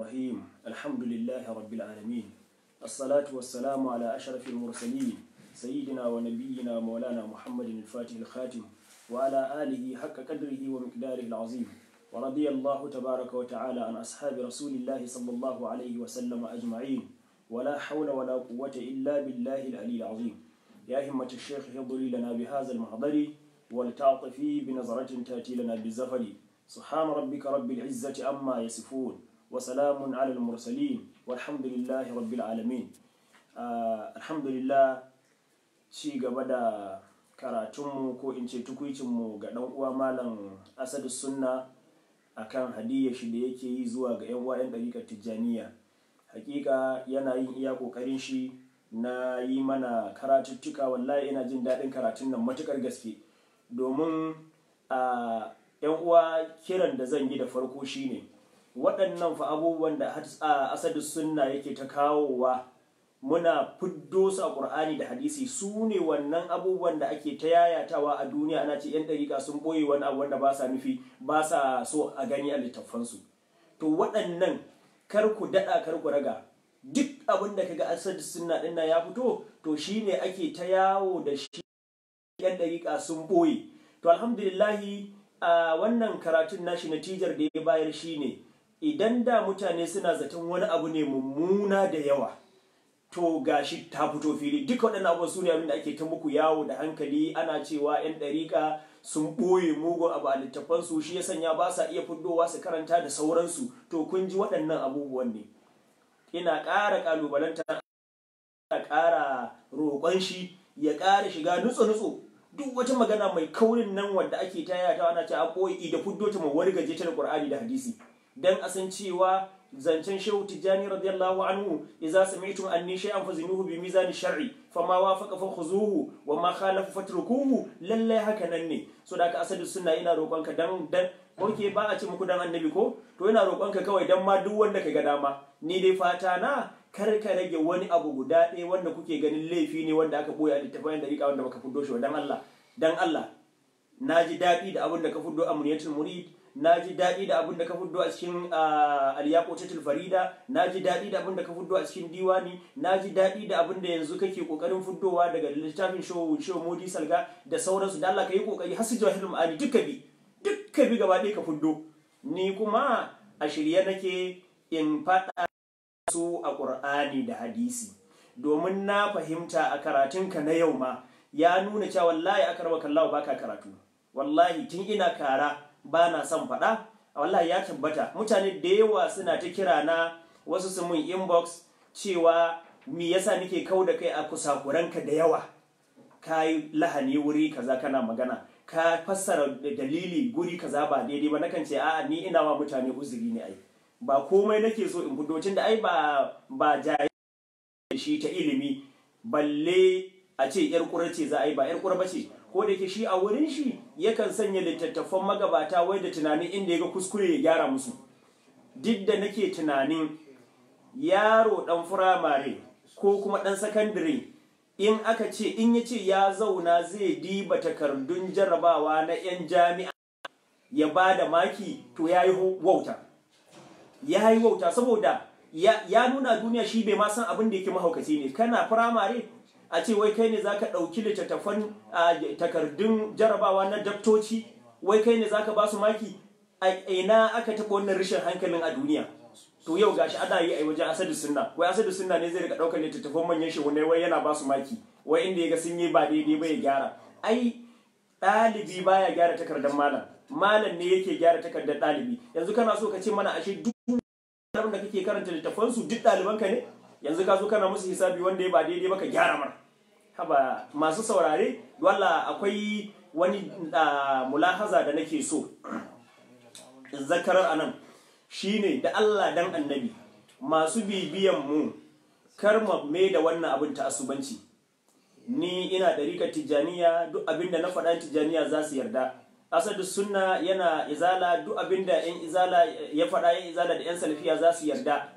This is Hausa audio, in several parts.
الرحيم الحمد لله رب العالمين الصلاة والسلام على أشرف المرسلين سيدنا ونبينا مولانا محمد الفاتح الخاتم وعلى آله حق قدره ومقداره العظيم ورضي الله تبارك وتعالى عن أصحاب رسول الله صلى الله عليه وسلم أجمعين ولا حول ولا قوة إلا بالله العلي العظيم يا همة الشيخ حضري لنا بهذا المحضر ولتعطفي بنظرة تأتي لنا بالزفل سبحان ربك رب العزة أما يصفون وسلام على المرسلين والحمد لله رب العالمين الحمد لله ci gaba da karatunmu ko in ce tukuicinmu ga ɗan uwa malam asadu sunna akan hadiyya shi da yake yi zuwa ga 'yan uwa 'yan ɗariƙar tijjaniya hakika yana yin iya ƙoƙarin shi na yi mana karatuttuka wallahi ina jin daɗin karatun nan matukar gaske domin a ah, yan uwa kiran da zan yi da farko shine waɗannan fa abubuwan da asadu sunna yake ta kawowa muna fiddo su a ƙur'ani da hadisi su ne wannan abubuwan da ake ta yayatawa a duniya ana ce 'yan ɗariƙa sun ɓoye wani abu wanda ba sa nufi ba sa so a gani a littattafansu to waɗannan kar ku daɗa kar ku raga duk abin da kaga asadu sunna ɗin ya fito to shi ne ake ta yawo da shi 'yan ɗariƙa sun ɓoye to alhamdulillahi a wannan karatun nashi natijar da ya bayar shi ne idan da mutane suna zaton wani abu ne mummuna da yawa to gashi ta fito fili duk waɗannan abubuwan su ne abin da ake ta muku yawo da hankali ana cewa 'yan ɗariƙa sun ɓoye mugun abu a littafansu shi ya sanya ba sa iya fuddowa su karanta da sauransu to kun ji waɗannan abubuwan ne ina ƙara ƙalubalanta ina ƙara roƙon shi ya ƙara shiga nutso-nutso duk wata magana mai kaurin nan wanda ake ta tayata ana ce a ɓoye da fuddo ta mu ta da ƙur'ani da hadisi dan a san cewa zancen shehu tijjani radiyallahu anhu idza sami'tum anni shay'an fazinuhu bi mizan shar'i fama wafaqa fa khuzuhu wa ma khalafa fatrukuhu lalla haka nan ne so da ka asali sunna ina roƙonka dan dan ba a ce muku dan annabi ko to ina roƙonka kawai dan ma duk wanda ka ga dama ni dai fata na kar ka rage wani abu guda ɗaya wanda kuke ganin laifi ne wanda aka boye a littafin dariƙa wanda baka fuddo shi dan Allah dan Allah naji daɗi da abin da ka fuddo amniyatul murid na ji daɗi da abin da ka fuddo a cikin alyaƙotatul farida na ji daɗi da abin da ka fuddo a cikin diwani na ji daɗi da abin da yanzu kake kokarin fuddowa daga littafin shehu modi salga da sauransu da allah ka yi ƙoƙari har su jawahirul ma'ani duka bi duka bi gaba ɗaya ka fuddo ni kuma a shirye nake in faɗa su a ƙur'ani da hadisi domin na fahimta a karatunka na yau ma ya nuna cewa wallahi aka raba kallawa baka karatu wallahi tun ina kara ba na son faɗa wallahi ya tabbata mutane da yawa suna ta kira na wasu su mun inbox cewa mi yasa nake kau da kai a kusakuranka da yawa ka yi lahani wuri kaza kana magana ka fassara dalili guri kaza ba daidai ba nakan ce a'a ni ina wa mutane uzuri ne ai ba komai nake so in fito da ai ba ba jaye shi ta ilimi balle a ce yar kura ce za a yi ba yar kura ba ce ko da yake shi a wurin shi yakan sanya littattafan magabata wai da tunanin inda ya ga kuskure ya gyara musu duk da nake tunanin yaro dan firamare ko kuma dan sakandare in aka ce in ya ce ya zauna zai diba takardun jarabawa na 'yan jami'a ya ba da maki to ya yi wauta ya yi wauta saboda ya, nuna duniya shi bai ma san abin da yake mahaukaci ne kana firamare a ce wai kai ne za ka ɗauki littattafan takardun jarabawa na daftoci wai kai ne za ka ba su maki a ina aka taɓa wannan rashin hankalin a duniya to yau gashi ana yi a wajen asadu sunna wai asadu sunna ne zai rika ɗaukar littattafan manyan shi wani wai yana basu maki wai inda ya ga sun yi ba daidai ba ya gyara ai ɗalibi baya gyara takardar malam malam ne yake gyara takardar ɗalibi yanzu kana so ka ce mana ashe duk da kake karanta littattafansu duk ɗalibanka ne yanzu ka zo kana musu hisabi wanda ya ba daidai ba ka gyara mana haba masu saurare wala akwai wani mulahaza da nake so zakarar anan shine da Allah dan annabi masu bibiyan mu kar mu mai da wannan abin ta asubanci ni ina ɗarikar tijjaniya duk abinda na faɗa tijjaniya za su yarda asadu sunna yana izala duk abinda yan izala ya faɗa yan izala da yan salafiya za su yarda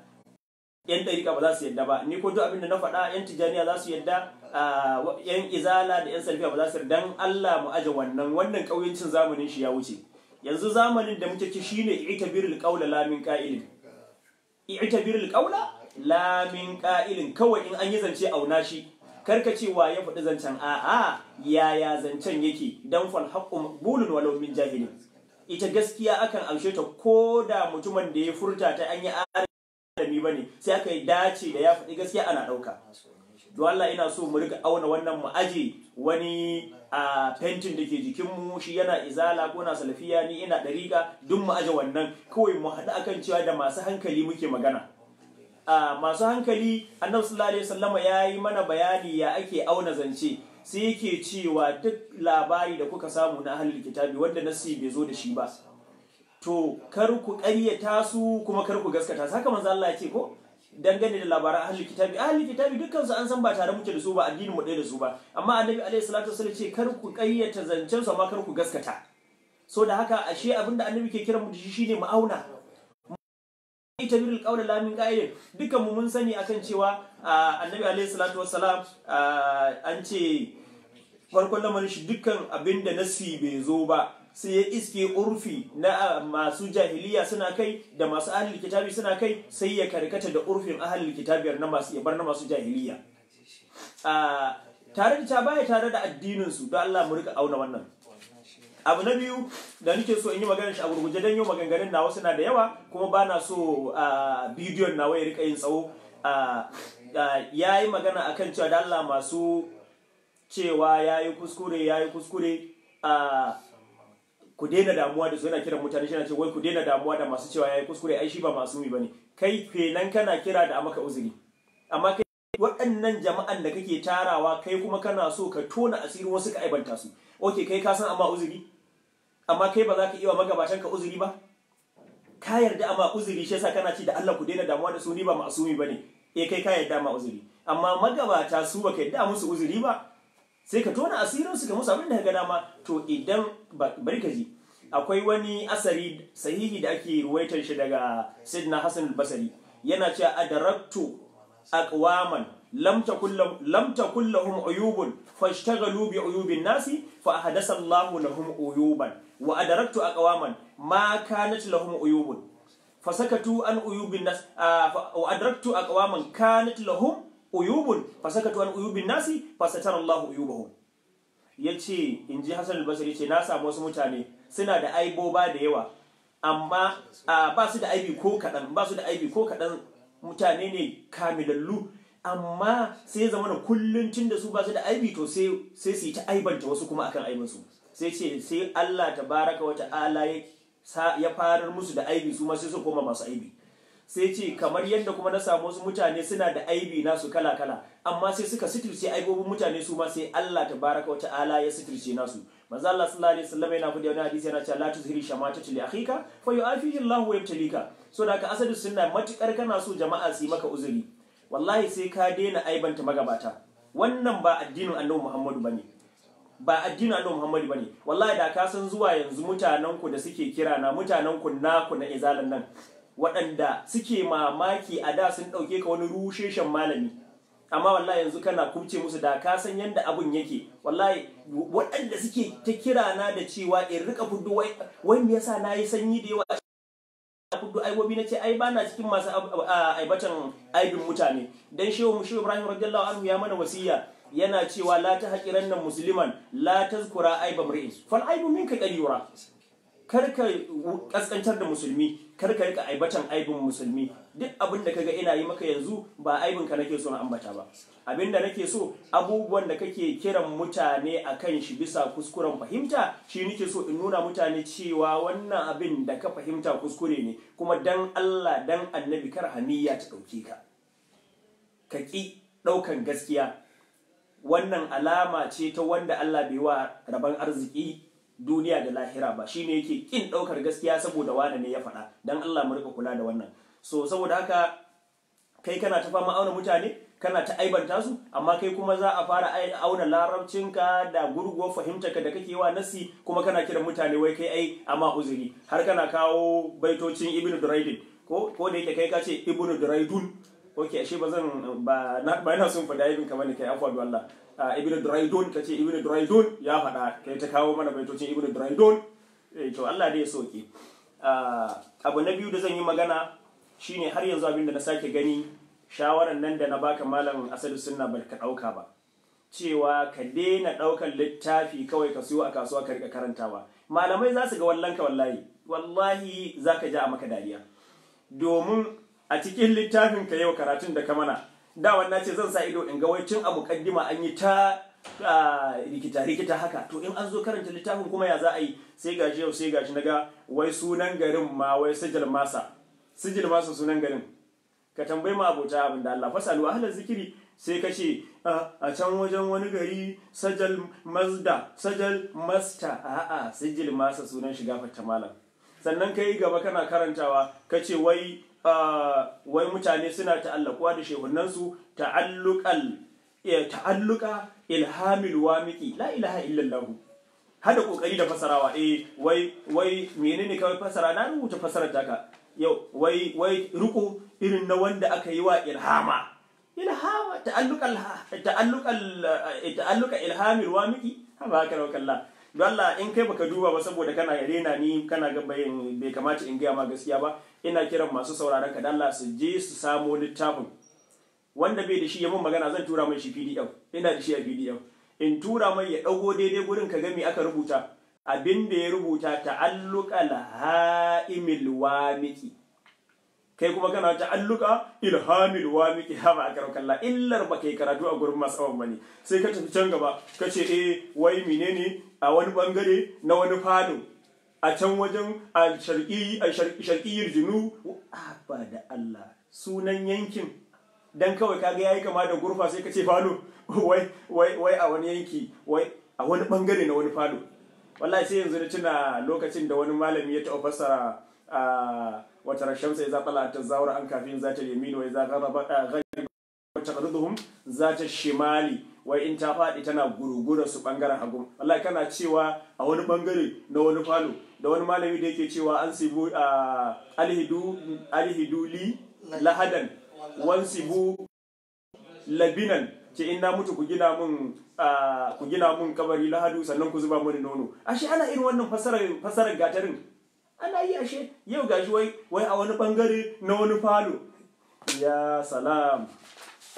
yan dariƙa ba za su yarda ba ni ko duk abinda na faɗa yan tijjaniya za su yarda Ah, yan izala da yan salfiya ba za su dan Allah mu aje wannan wannan kauyencin zamanin shi ya wuce yanzu zamanin da muke ci shine i'tabirul qawla la min qa'ilin i'tabirul qawla la min qa'ilin kawai in an yi zance auna shi karka cewa ya faɗi zancen a'a yaya zancen yake dan fal haqqu bulun walau min jahilin ita gaskiya akan amshe ta ko da mutumin da ya furta ta an yi alami bane sai aka yi dace da ya faɗi gaskiya ana ɗauka to Allah ina so mu rika auna wannan mu aje wani a fentin da ke jikinmu shi yana izala ko na salafiya ni ina dariƙa duk mu aje wannan kawai mu haɗu akan cewa da masu hankali muke magana a masu hankali annabi sallallahu alaihi wasallama ya yi mana bayani ya ake auna zance sai yake cewa duk labari da kuka samu na ahlul kitabi wanda nasi bai zo da shi ba to kar ku ƙaryata su kuma kar ku gaskata haka manzo Allah ya ce ko dangane da labaran ahli kitabi ahli kitabi dukkan su an san ba tare muke da su ba addinin mu ɗaya da su ba amma annabi alaihi salatu wasallam ce kar ku kayyata zancen su amma kar ku gaskata so da haka ashe abinda annabi ke kiran mu da shi shine ma'auna itabirul qawla la min qa'ilin dukkan mu mun sani akan cewa annabi alaihi salatu wasallam an ce farkon lamarin shi dukkan abinda nasi bai zo ba sai ya iske urfi na ah, masu jahiliya suna kai da masu ahlul kitabi suna kai sai ya karkata da urfin ahlul kitabiyar na masu ya bar na masu jahiliya ah, tare da ta baya tare da addininsu, don Allah mu rika auna wannan abu na biyu da nake so in yi magana shi a gurguje don yau maganganun nawa suna da yawa kuma ba na so ah, bidiyon nawa ya rika yin tsawo ya yi magana a kan cewa da Allah masu cewa ya yi kuskure ya yi kuskure a ku daina damuwa da su yana kiran mutane shi ce wai ku daina damuwa da masu cewa yayi kuskure ai shi ba masumi bane kai kenan kana kira da maka uzuri amma kai waɗannan jama'an da kake tarawa kai kuma kana so ka tona asirin wasu ka aibanta su okay kai ka san amma uzuri amma kai ba za ka iya magabatan ka uzuri ba ka yarda amma uzuri shi yasa kana ci da Allah ku daina damuwa da su ni ba masumi bane eh kai ka yarda amma uzuri amma magabata su ba baka yarda musu uzuri ba sai ka tona asirin su ka musu abin da ka ga dama to idan bari ka ji akwai wani asari sahihi da ake ruwaitar shi daga sidna Hassan basari yana cewa adaraktu a lam lamta kulla takul uyubun. uyubun fashtaghalu bi uyubin nasi fa ahdasa Allahu lahum uyuban wa adaraktu aqwaman ma kanat lahum uyubun sakatu an uyubin nas wa adaraktu aqwaman kanat lahum uyubun fasakatu an uyubin nasi fasatar Allah uyubahum yace ji Hassan al-Basri yace na samu wasu mutane suna da aiboba da yawa amma ba su da aibi ko kaɗan ba su da aibi ko kaɗan mutane ne kamilallu amma sai zama na kullun tun da su ba su da aibi to sai su yi ta aibanta wasu kuma akan su sai ce sai Allah tabaraka wata ta'ala ya farar musu da aibi su ma sai su koma masu aibi sai ce kamar yadda kuma na samu wasu mutane suna da aibi nasu kala kala amma sai suka sitirce aibobin mutane su ma sai Allah baraka wata ala ya sitirce nasu manzo Allah sallallahu alaihi wasallam yana fadi wani hadisi yana cewa la tuzhiri shamatati li akhika fa yu'afihi Allah wa yabtalika so da ka asadu sunna matukar kana so jama'a su yi maka uzuri wallahi sai ka daina aibanta magabata wannan ba addinin Annabi Muhammadu bane ba addinin Annabi Muhammadu bane wallahi da ka san zuwa yanzu mutanen ku da suke kira na mutanen ku ku na izalan nan waɗanda suke mamaki a da sun ɗauke ka wani rusheshen malami amma wallahi yanzu kana kuce musu da ka san yadda abun yake wallahi waɗanda suke ta kira na da cewa in rika fudu wai ya me na yi sanyi da yawa a fudu aibobi na ce ai ba na cikin masu aibatan aibin mutane dan shehu mu ibrahim radiyallahu anhu ya mana wasiya yana cewa la ta haƙiran nan musliman la tazkura aiba ka fal aibu minka kar ka kaskantar da musulmi kar ka rika aibatan aibin musulmi duk abin da kaga ina yi maka yanzu ba aibin ka nake so na ambata ba abin da nake so abubuwan da kake kiran mutane akan shi bisa kuskuren fahimta shi nake so in nuna mutane cewa wannan abin da ka fahimta kuskure ne kuma dan Allah dan annabi kar hamiya ta ɗauke ka ka ki ɗaukan gaskiya wannan alama ce ta wanda Allah bai wa rabon arziki duniya da lahira ba shine yake kin ɗaukar gaskiya saboda wane ne ya faɗa dan Allah mu rika kula da wannan so saboda haka kai kana ta fama auna mutane kana ta aibanta su amma kai kuma za a fara auna ka da gurguwar ka da kake wa nasi kuma kana kiran mutane wai kai ai amma uzuri har kana kawo baitocin ibnu duraidin ko ko da yake kai ka ce ibnu duraidun ok ashe ba zan ba na ba ina son faɗa ibn kamar kai afwa da Allah ibn Duraydun kace ibn Duraydun ya faɗa kai ta kawo mana baitocin ibn Eh to Allah dai ya soke abu na biyu da zan yi magana shine har yanzu abin da na sake gani shawarar nan da na baka malam asali sunna ba ka ɗauka ba cewa ka daina ɗaukar littafi kawai ka siyo a kasuwa ka rika karantawa malamai za su ga wallanka wallahi wallahi za ka ja a maka dariya domin a cikin littafin ka yau karatun da ka mana da na ce zan sa ido in ga wai cin abu an yi ta rikita rikita haka to in an zo karanta littafin kuma ya za a yi sai gashi yau sai gashi naga wai sunan garin ma wai sijil masa sijil masa sunan garin ka tambayi ma abota abin da Allah fasalu ahlan zikiri sai ka ce a can wajen wani gari sajal mazda sajal masta a'a sijil masa sunan shiga fatta malam sannan kai gaba kana karantawa ka ce wai wai mutane suna ta'allakuwa da shehunansu ta'alluqal ta'alluka ilhamil wamiki la ilaha illallah hada kokari da fasarawa eh wai wai menene kawai fasara na rubuta fasarar taka yau wai wai ruku irin na wanda aka yi wa ilhama ilhama ta'alluka ta'alluka eh, ta'alluka ilhamil wamiki haba kalla don Allah in kai baka duba ba saboda kana rena ni kana ga bayan bai kamata in gaya ma gaskiya ba ina kiran masu sauraron ka don Allah su je su samo littafin wanda bai da shi ya mun magana zan tura mai shi PDF ina da shi a PDF in tura mai ya dago daidai gurin ka ga me aka rubuta abin da ya rubuta ta'alluqal ha'imil wamiki kai kuma kana ta'alluka ilhamil wa miki hawa a kalla illar ba kai karatu a gurin masu awon bane sai ka tafi can gaba ka ce eh wai menene a wani bangare na wani fado a can wajen a sharqiyir yirjinu da Allah sunan yankin dan kawai kaga yayi kama da gurfa sai ka ce wai wai wai a wani yanki wai a wani bangare na wani falo wallahi sai yanzu na tuna lokacin da wani malami ya taɓa fassara ah, wata rashamsa ya zaɓa ta zawar an kafin za ta yamino ya zaga wata ƙarzuhun za ta shimali wai in ta faɗi tana gurugura su ɓangaren hagu Allah kana cewa a wani ɓangare na wani falo da wani malami da yake cewa an sibu eh, alhidu li lahadan wan sibu labinan ce in na mutu ku gina mun eh, ku gina mun kabari lahadu sannan ku zuba mun nono ashe ana irin wannan fasarar gatarin ana yi ashe yau gashi wai wai a wani bangare na wani falo ya salam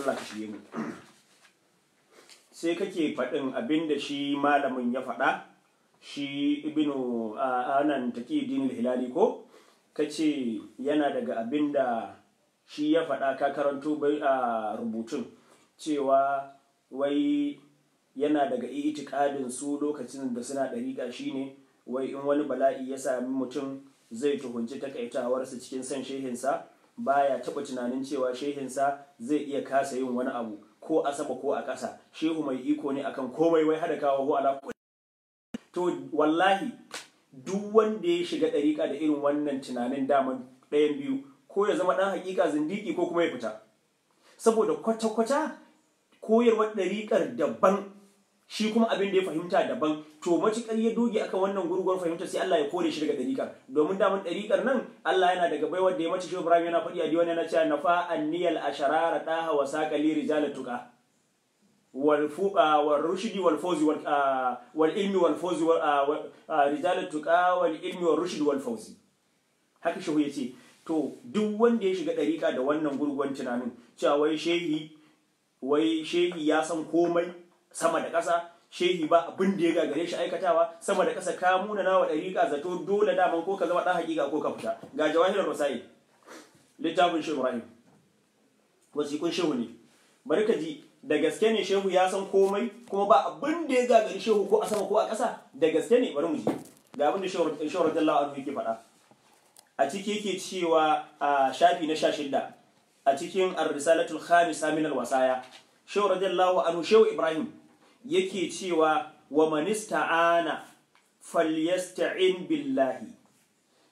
Allah ka shige mu sai kake faɗin abin da shi malamin ya faɗa shi ibnu anan taqiyuddin al-hilali ko kace yana daga abin da shi ya faɗa ka karanto bai a rubutun cewa wai yana daga itikadin su lokacin da suna ɗariƙa shine wai in wani bala'i ya sami mutum zai tuhunci takaitawarsa cikin son shehinsa ya taɓa tunanin cewa shehinsa zai iya kasa yin wani abu ko a sama ko a ƙasa shehu mai iko ne akan komai wai hada kawo ko ala to wallahi duk wanda ya shiga ɗariƙa da irin wannan tunanin daman ɗayan biyu ko ya zama ɗan hakika zindiki ko kuma ya fita saboda kwata-kwata koyarwar ɗariƙar daban shi kuma abin da ya fahimta daban to matukar ya doge akan wannan gurguwar fahimta sai Allah ya kore shi daga dariƙar domin daman dariƙar nan Allah yana daga bai wanda ya mace shi Ibrahim yana faɗi a diwan yana cewa nafa anniyal asharara daha wa saqali rijal tuqa wal fuqa wal rushdi wal fawzi wal wal ilmi wal fawzi wal rijal tuqa wal ilmi wal rushdi wal fawzi haka shi yace to duk wanda ya shiga dariƙa da wannan gurguwar tunanin cewa wai shehi wai shehi ya san komai sama da ƙasa shehi ba abin da ya gagare shi aikatawa sama da ƙasa ka muna nawa ka zato dole daman ko ka zama ɗan hakika ko ka fita ga jawahirar rasayi littafin shehu rahim wasiƙun shehu ne bari ka ji da gaske ne shehu ya san komai kuma ba abin da ya gagari shehu ko a sama ko a ƙasa da gaske ne bari mu ji ga abin da shehu radiyallahu anhu yake faɗa a ciki yake cewa a shafi na sha shidda a cikin ar-risalatul khamisa min al-wasaya shehu radiyallahu anhu shehu ibrahim yake cewa wa manista'ana falyasta'in billahi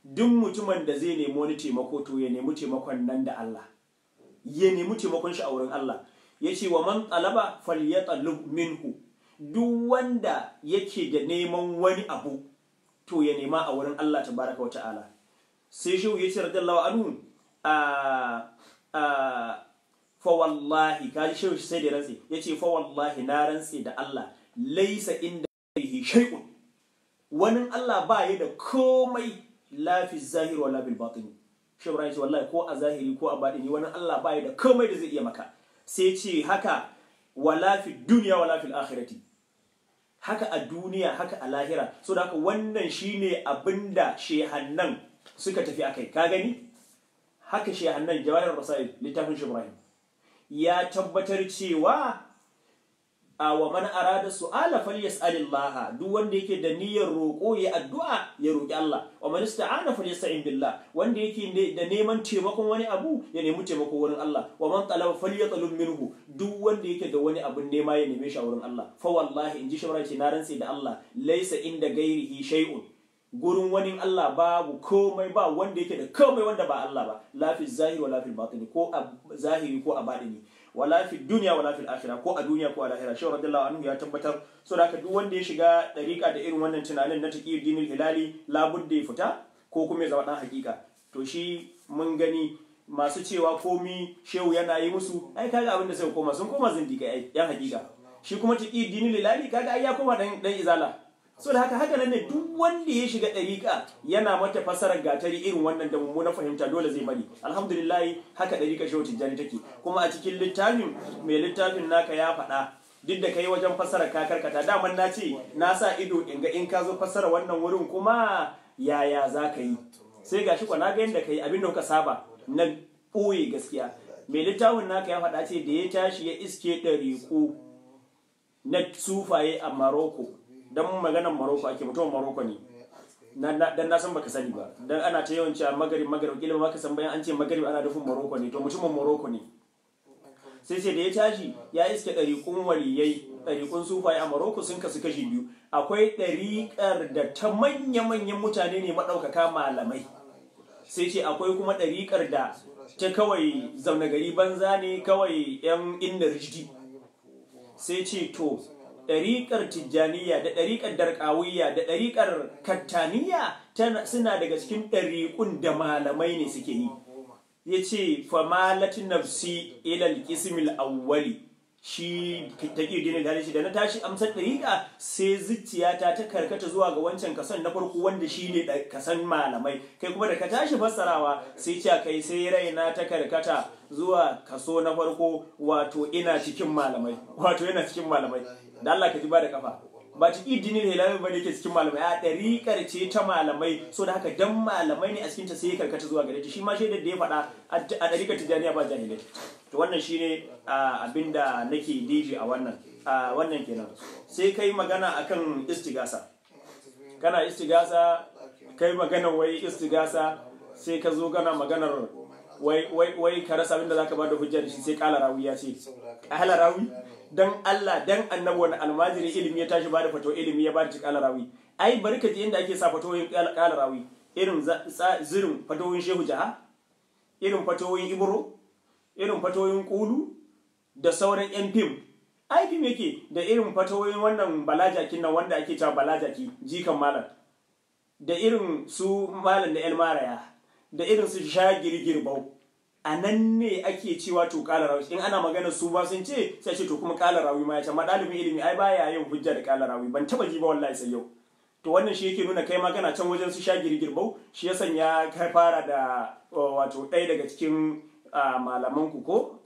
duk mutumin da zai nemi wani taimako to ya nemi taimakon nan da Allah ya nemi taimakon shi a wurin Allah yace wa man talaba falyatalub minhu duk wanda yake da neman wani abu to ya nema a wurin Allah tabaraka wa ta'ala sai shi ya radallahu anhu a fa wallahi kaji shi sai da rantsi ya ce wallahi na rantsi da Allah laisa inda yi shaikun wani Allah ba yi da komai lafi zahiri wa bil batini shehu ibrahim ce wallahi ko a zahiri ko a batini wani Allah ba yi da komai da zai iya maka sai ce haka wala fi duniya wala fil akhirati haka a duniya haka a lahira so da haka wannan shine abinda shehannan suka tafi akai ka gani haka shehannan jawahir rasail littafin shi ibrahim ya tabbatar cewa a wa man arada su'ala falyas'alillah duk wanda yake da niyyar roƙo ya addu'a ya roƙi Allah wa man ista'ana falyas'in billah wanda yake da neman taimakon wani abu ya nemi taimako wurin Allah wa man talaba falyatalub minhu duk wanda yake da wani abu nema ya nemi shi wurin Allah fa wallahi inji shawara ce na rantsi da Allah laysa inda gairihi shay'un gurin wani Allah babu komai ba wanda yake da komai wanda ba Allah ba lafi zahiri wa lafi batini ko a zahiri ko a batini wa lafi duniya wa lafi akhira ko a duniya ko a lahira shehu radiyallahu anhu ya tabbatar so da duk wanda ya shiga dariƙa da irin wannan tunanin na taqiyyu dinil hilali da ya fita ko kuma ya zama dan hakika to shi mun gani masu cewa komi shehu yana yi musu ai kaga abin da sai koma sun koma zindiga ai yan hakika shi kuma taqiyyu dinil hilali kaga ai ya koma dan dan izala so da haka haka nan ne duk wanda ya shiga ɗariƙa yana mata fasarar gatari irin wannan da mummuna fahimta dole zai bari alhamdulillah haka shi shehu tijjani take kuma a cikin littafin mai littafin naka ya faɗa duk da kai wajen fasarar ka karkata daman na ce na sa ido in ga in ka zo fasara wannan wurin kuma yaya za ka yi sai gashi kwana ga yanda ka yi abin da ka saba na ɓoye gaskiya mai littafin naka ya faɗa ce da ya tashi ya iske ɗariƙu na sufaye a maroko dan maganan maroko ake mutumin maroko ne dan na san baka sani ba dan ana ta yawan cewa magarib magarib kila ma ka san bayan an ce magarib ana dafin maroko ne to mutumin maroko ne sai sai da ya tashi ya iske ɗariƙun waliyai ɗariƙun sufaye a maroko sun kasu kashi biyu akwai ɗariƙar da ta manya-manyan mutane ne maɗaukaka malamai sai ce akwai kuma ɗariƙar da ta kawai zaune gari banza ne kawai 'yan inda rijdi sai ce to ɗariƙar tijjaniya da ɗariƙar darƙawiyya da ɗariƙar kattaniya suna daga cikin ɗariƙun da malamai ne suke yi ya ce famalat nafsi ilal kismil awwali shi ta gini da shi da na tashi amsar ɗariƙa sai zuciyata ta karkata zuwa ga wancan kasan na farko wanda shi ne kasan malamai kai kuma da ka tashi fassarawa sai ce kai sai raina ta karkata zuwa kaso na farko wato ina cikin malamai da Allah ka ji ba da kafa ba ta ne hilal ba ne ke cikin malamai a ɗariƙar ce ta malamai so da haka dan malamai ne a cikin ta sai karkata zuwa gare ta shi ma shaidar da ya faɗa a ɗariƙar tijaniya ba jahilai to wannan shi ne abinda nake diji a wannan wannan kenan sai kai magana akan istigasa kana istigasa kai magana wai istigasa sai ka zo kana maganar wai ka rasa da za ka ba da hujjar shi sai kala rawi ya ce kala rawi dan Allah dan annabi wani almajiri ilimi ya tashi ba da fato ilimi ya ba da kala rawi ai bari ka ji inda ake sa fatoyin kala rawi irin zirin fatoyin shehu jaha irin fatoyin ibro irin fatoyin kulu da sauran yan fim ai fim yake da irin fatoyin wannan balajakin nan wanda ake cewa balajaki jikan malam da irin su malam da yan maraya da irin su sha girgirbau a nan ne ake cewa to kala in ana magana su ba sun ce sai ce to kuma kala rawi ma ya ce madalibin ilimi ai baya yin hujja da kala ban taba ji ba wallahi sai yau to wannan shi yake nuna kai magana can wajen su sha girgirbau shi ya sanya ka fara da wato ɗaya daga cikin malaman ku ko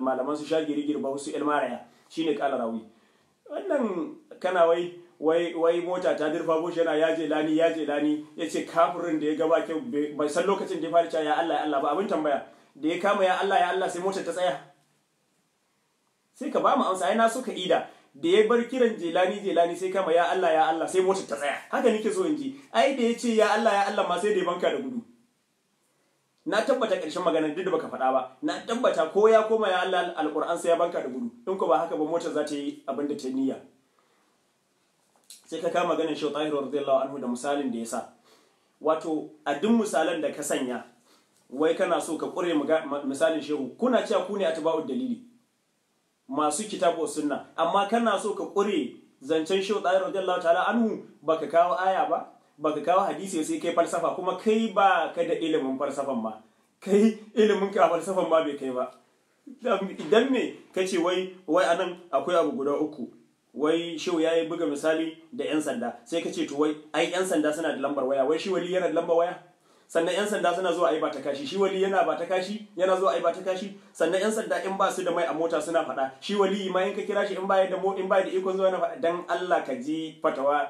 malaman su sha girgirbau su ilmaraya shine kala rawi wannan kana wai wai wai mota ta dirfa bushe yana yaje lani yaje lani yace kafirin da ya gaba ke bai san lokacin da ya fara ya Allah ya Allah ba abin tambaya da ya kama ya Allah ya Allah sai motar ta tsaya sai ka ba mu amsa ai suka ida da ya bar kiran jelani jelani sai kama ya Allah ya Allah sai motar ta tsaya haka nake so in ji ai da ya ce ya Allah ya Allah ma sai da banka da gudu na tabbata ƙarshen maganar duk da baka faɗa ba na tabbata ko ya koma ya Allah alƙur'an sai ya banka da gudu in ko ba haka ba motar za ta yi abin da ta niyya sai ka kama ganin shi tahiru radiyallahu anhu da misalin da ya sa wato a duk misalan da ka sanya wai kana so ka kure misalin shehu kuna cewa ku ne atba'u dalili masu kitabu sunna amma kana so ka kure zancen shehu tahiru radiyallahu ta'ala anhu ka kawo aya ba baka kawo hadisi sai kai falsafa kuma kai ba ka da ilimin falsafan ba kai ilimin ka falsafan ba bai kai ba idan me kace wai wai anan akwai abu guda uku wai shehu ya yi buga misali da 'yan sanda sai ka ce to wai ai 'yan sanda suna da lambar waya wai shi wali yana da lambar waya sannan 'yan sanda suna zuwa ai ba ta kashi shi wali yana ba ta kashi yana zuwa ai ba ta kashi sannan 'yan sanda in ba su da mai a mota suna faɗa shi wali ma in ka kira shi in baya da in baya da ikon zuwa na faɗa dan Allah ka ji fatawa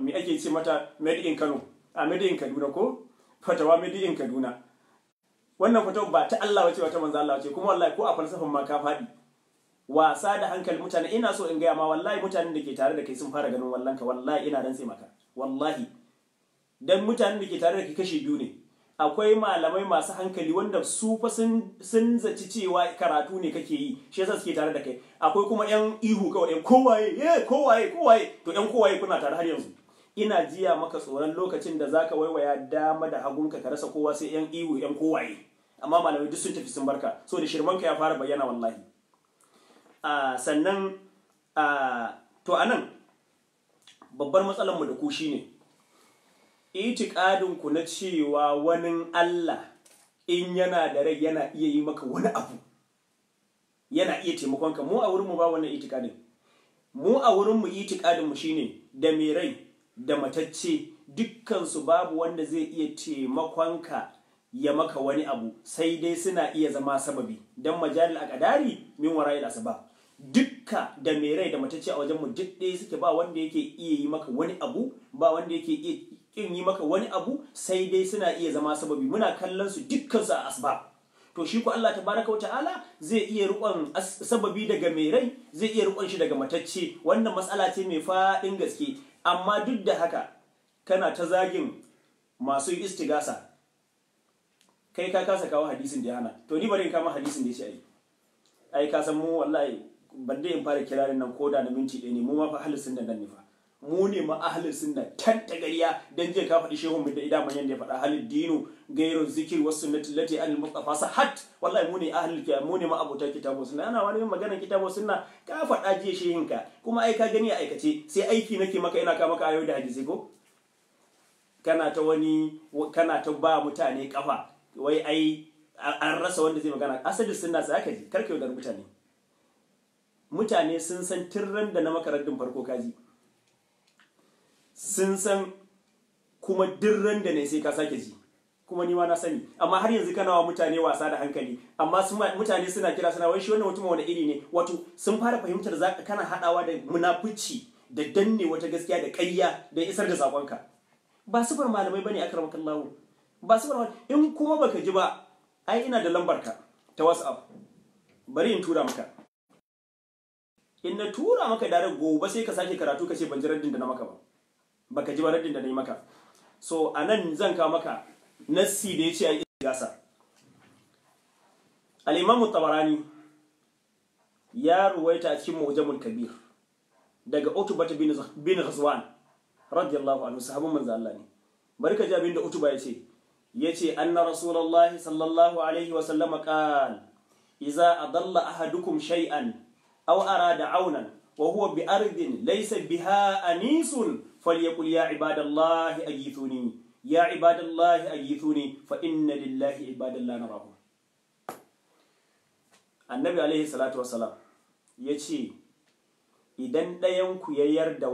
me ake ce mata made in Kano a made in Kaduna ko fatawa made in Kaduna wannan fatawa ba ta Allah wace ba ta manzo Allah wace kuma wallahi ko a falsafan ma ka faɗi wasa da hankali mutane ina so in gaya ma wallahi mutanen da ke tare da kai sun fara ganin wallanka wallahi ina rantse maka wallahi dan mutanen da ke tare da kai kashi biyu ne akwai malamai masu hankali wanda su fa sun zaci cewa karatu ne kake yi shi yasa suke tare da kai akwai kuma yan ihu kawai yan kowaye ye eh, kowaye kowaye to yan kowaye kuna tare har yanzu ina jiya maka tsoron lokacin da zaka waiwaya dama da hagunka ka rasa kowa sai yan ihu yan kowaye amma malamai duk sun tafi sun barka so da ka ya fara bayyana wallahi Ah, sannan ah, to a nan, babbar matsalarmu da ku shine itikadinku na cewa wani Allah in yana da rai yana iya yi maka wani abu yana iya taimakonka mu a wurinmu ba wannan itikadin mu a wurinmu itikadinmu shine da mai rai da matacce dukkansu babu wanda zai iya taimakonka ya maka wani abu sai dai suna iya zama sababi don majalil a kadari min wara'il asbab dukka da mai rai da matacce a mu duk ɗaya suke ba wanda yake iya yi maka wani abu ba wanda yake iya kin yi maka wani abu sai dai suna iya zama sababi muna kallon su dukkansu a asbab to shi ko Allah tabaraka wa ta'ala zai iya rukon sababi daga mai rai zai iya rukon shi daga matacce wannan matsala ce mai faɗin gaske amma duk da haka kana ta zagin masu istigasa kai ka kasa kawo hadisin da yana to ni bari in kama hadisin da ya ce ai ai ka san mu wallahi ban da in fara kirarin nan koda na minti ɗaya ne mu ma fa ahlus sunna nan ne fa mu ne ma ahlus sunna gariya dan je ka faɗi mun da idan manyan da ya faɗa halid dinu gairu zikir was sunnati lati al mustafa hat wallahi mu ne ahlul kitab mu ne ma abuta kitabu sunna ana wani yin magana kitabu sunna ka faɗa je shehun ka kuma ai ka gani a aikace sai aiki nake maka ina ka maka ayoyi da hadisi ko kana ta wani kana ta ba mutane kafa wai ai an rasa wanda zai magana asalin sunna sai aka ji karka da mutane mutane sun san tirren da na makarantun farko kaji sun san kuma dirren da ne sai ka sake ji kuma ni ma na sani amma har yanzu kana wa mutane wasa da hankali amma mutane suna kira suna wai shi wannan mutum wani iri ne wato sun fara fahimtar za kana hadawa da munafici da danne wata gaskiya da kayya da isar da sakonka ba sufar malamai bane akramakallahu ba sufar in kuma baka ji ba ai ina da lambarka ta WhatsApp bari in tura maka in na tura maka dare gobe sai ka sake karatu ka ce ban ji raddin da na maka ba baka ji ba raddin da na yi maka so a nan zan kawo maka nassi da ya ce a yi al-imam tabarani ya ruwaita a cikin mu'jamul kabir daga utba bin ghazwan radiyallahu anhu sahabban manzo Allah ne bari ka ji abin da utuba ya ce yace anna rasulullahi sallallahu alaihi wa sallam qala iza adalla ahadukum shay'an aw arada aunan wa huwa bi ardin laysa biha anisun falyaqul ya ibadallahi ya ibadallahi ajithuni fa lillahi ibadallahi narahu annabi alaihi ya ce idan ɗayanku ya yarda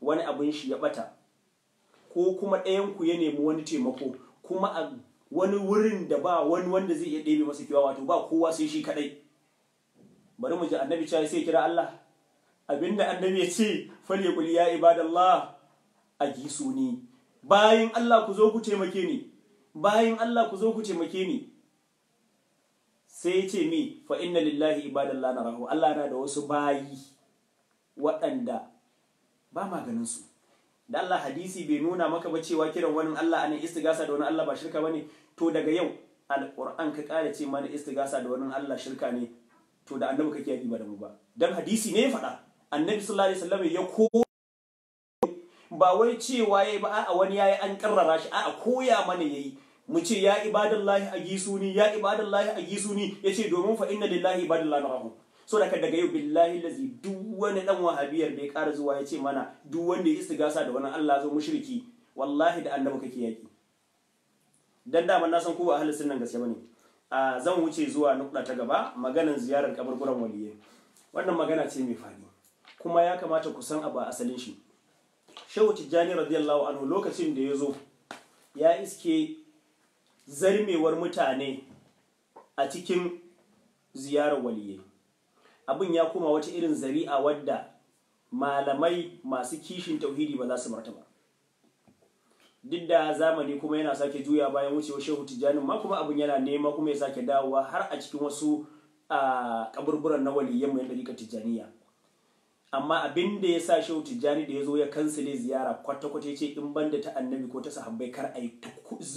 wani abu shi ya ɓata ko kuma ɗayanku ya nemi wani taimako kuma a wani wurin da ba wani wanda zai iya ɗebe masa kewa wato ba kowa sai shi kaɗai bari mu ji annabi cewa sai kira Allah abinda annabi ya ce fali kul ya ibadallah ajisu ni bayin Allah ku zo ku taimake ni bayin Allah ku zo ku taimake ni sai ya ce mi fa inna lillahi ibadallah narahu Allah na da wasu bayi waɗanda ba ganin su da Allah hadisi bai nuna maka ba cewa kiran wani Allah ana istigasa da wani Allah ba shirka bane to daga yau alquran ka kare ce mana istigasa da wani Allah shirka ne to da annabi kake yaki ba da mu ba dan hadisi ne ya faɗa annabi sallallahu alaihi wasallam ya ko ba wai cewa yayi ba a wani yayi an karrara shi a koya mana yayi mu ce ya ibadallahi ni, ya ibadallahi Ya yace domin fa inna lillahi ibadallahi rahu so daga daga yau billahi lazi duk wani dan wahabiyar da ya kara zuwa yace mana duk wanda ya istigasa da wani Allah zo mushriki wallahi da annabi kake yaki dan da na san ku ba ahlus sunnan gaskiya bane zan wuce zuwa nukɗa ta gaba maganan ziyarar kaburburan waliyyai. wannan magana ce mai fadi kuma ya kamata ku san abu a asalin shi shehu tijjani radiyallahu anhu lokacin da ya zo ya iske zarmewar mutane a cikin ziyarar waliyyai. abin ya koma wata irin zari'a wadda malamai masu kishin tauhidi ba za su martaba duk da zamani kuma yana sake juya bayan wucewa shehu tijjanin ma kuma abin yana nema kuma ya sake dawowa har a cikin wasu a kaburburan na waliyyai mai ɗarika tijjaniya amma abin da ya sa shehu tijjani da ya zo ya kansile ziyara kwata-kwata ce in banda ta annabi ko ta sahabbai kar a yi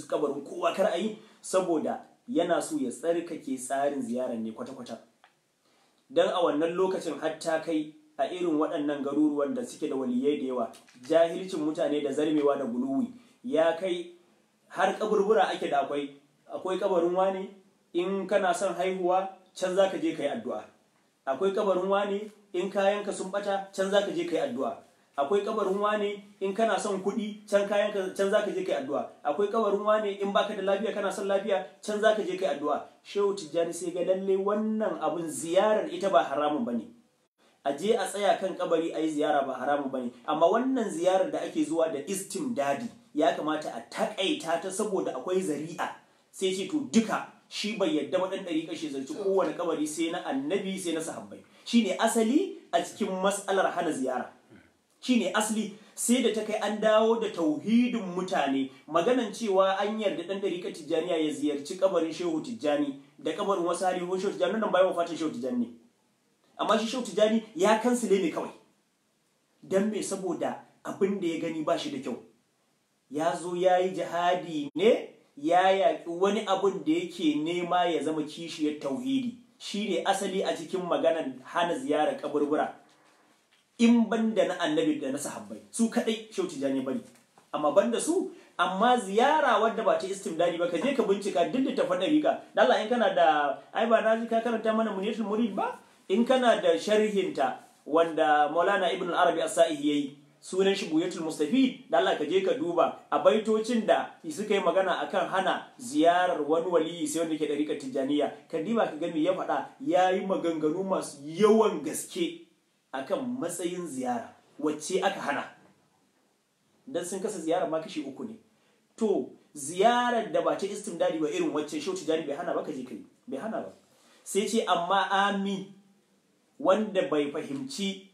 kabarin kowa kar a yi saboda yana so ya tsarkake tsarin ziyarar ne kwata-kwata don a wannan lokacin hatta kai a irin waɗannan garuruwan da suke da waliyai da yawa jahilcin mutane da zarmewa da guluwi ya kai har kaburbura ake da akwai akwai kabarin wani in kana son haihuwa can za ka je ka yi addu'a akwai kabarin wani in kayanka sun bata can za ka je ka yi addu'a akwai kabarin wane in kana son kuɗi can kayan can zaka je kai addu'a akwai kabarin wane in baka da lafiya kana son lafiya can za ka je kai addu'a shehu tijjani sai ga lalle wannan abun ziyarar ita ba haramun bane a je a tsaya kan kabari ayi ziyara ba haramun bane amma wannan ziyarar da ake zuwa da istimdadi ya kamata a takaita ta saboda akwai zari'a sai ce to duka shi bai yadda wadan ɗari ƙashe zarci kowane kabari sai na annabi sai na sahabbai shine asali a cikin matsalar hana ziyara shine asali sai da ta kai an dawo da tauhidin mutane maganan cewa an yarda ɗan ɗariƙar tijjaniya ya ziyarci kabarin shehu tijjani da kabarin wasu ko shehu tijjani nan bayan wafatin shehu tijjani ne amma shi shehu tijjani ya kansile ne kawai dan me saboda abin da ya gani ba shi da kyau ya zo ya yi jihadi ne ya yaƙi wani abun da yake nema ya zama kishiyar tauhidi shi ne asali a cikin maganan hana ziyara kaburbura in banda na annabi da na sahabbai su kaɗai shauci jani bari amma banda su amma ziyara wadda ba ta istimdadi ba ka je ka bincika duk da tafi ɗariƙa Allah in kana da ai ba na ji ka karanta mana muniyatul murid ba in kana da sharhinta wanda Maulana Ibn Arabi as ya yayi sunan shi buyatul mustafid da Allah ka je ka duba a baitocin da suka yi magana akan hana ziyarar wani wali sai wanda ke dariƙar Tijjaniya. ka diba ka gani ya faɗa ya yi maganganu masu yawan gaske akan matsayin ziyara wacce aka hana dan sun kasa ziyara ma kashi uku ne to ziyarar da ba ta istimdadi ba irin wacce shi tijani bai hana ba ka je kai bai hana ba sai ce amma ami wanda bai fahimci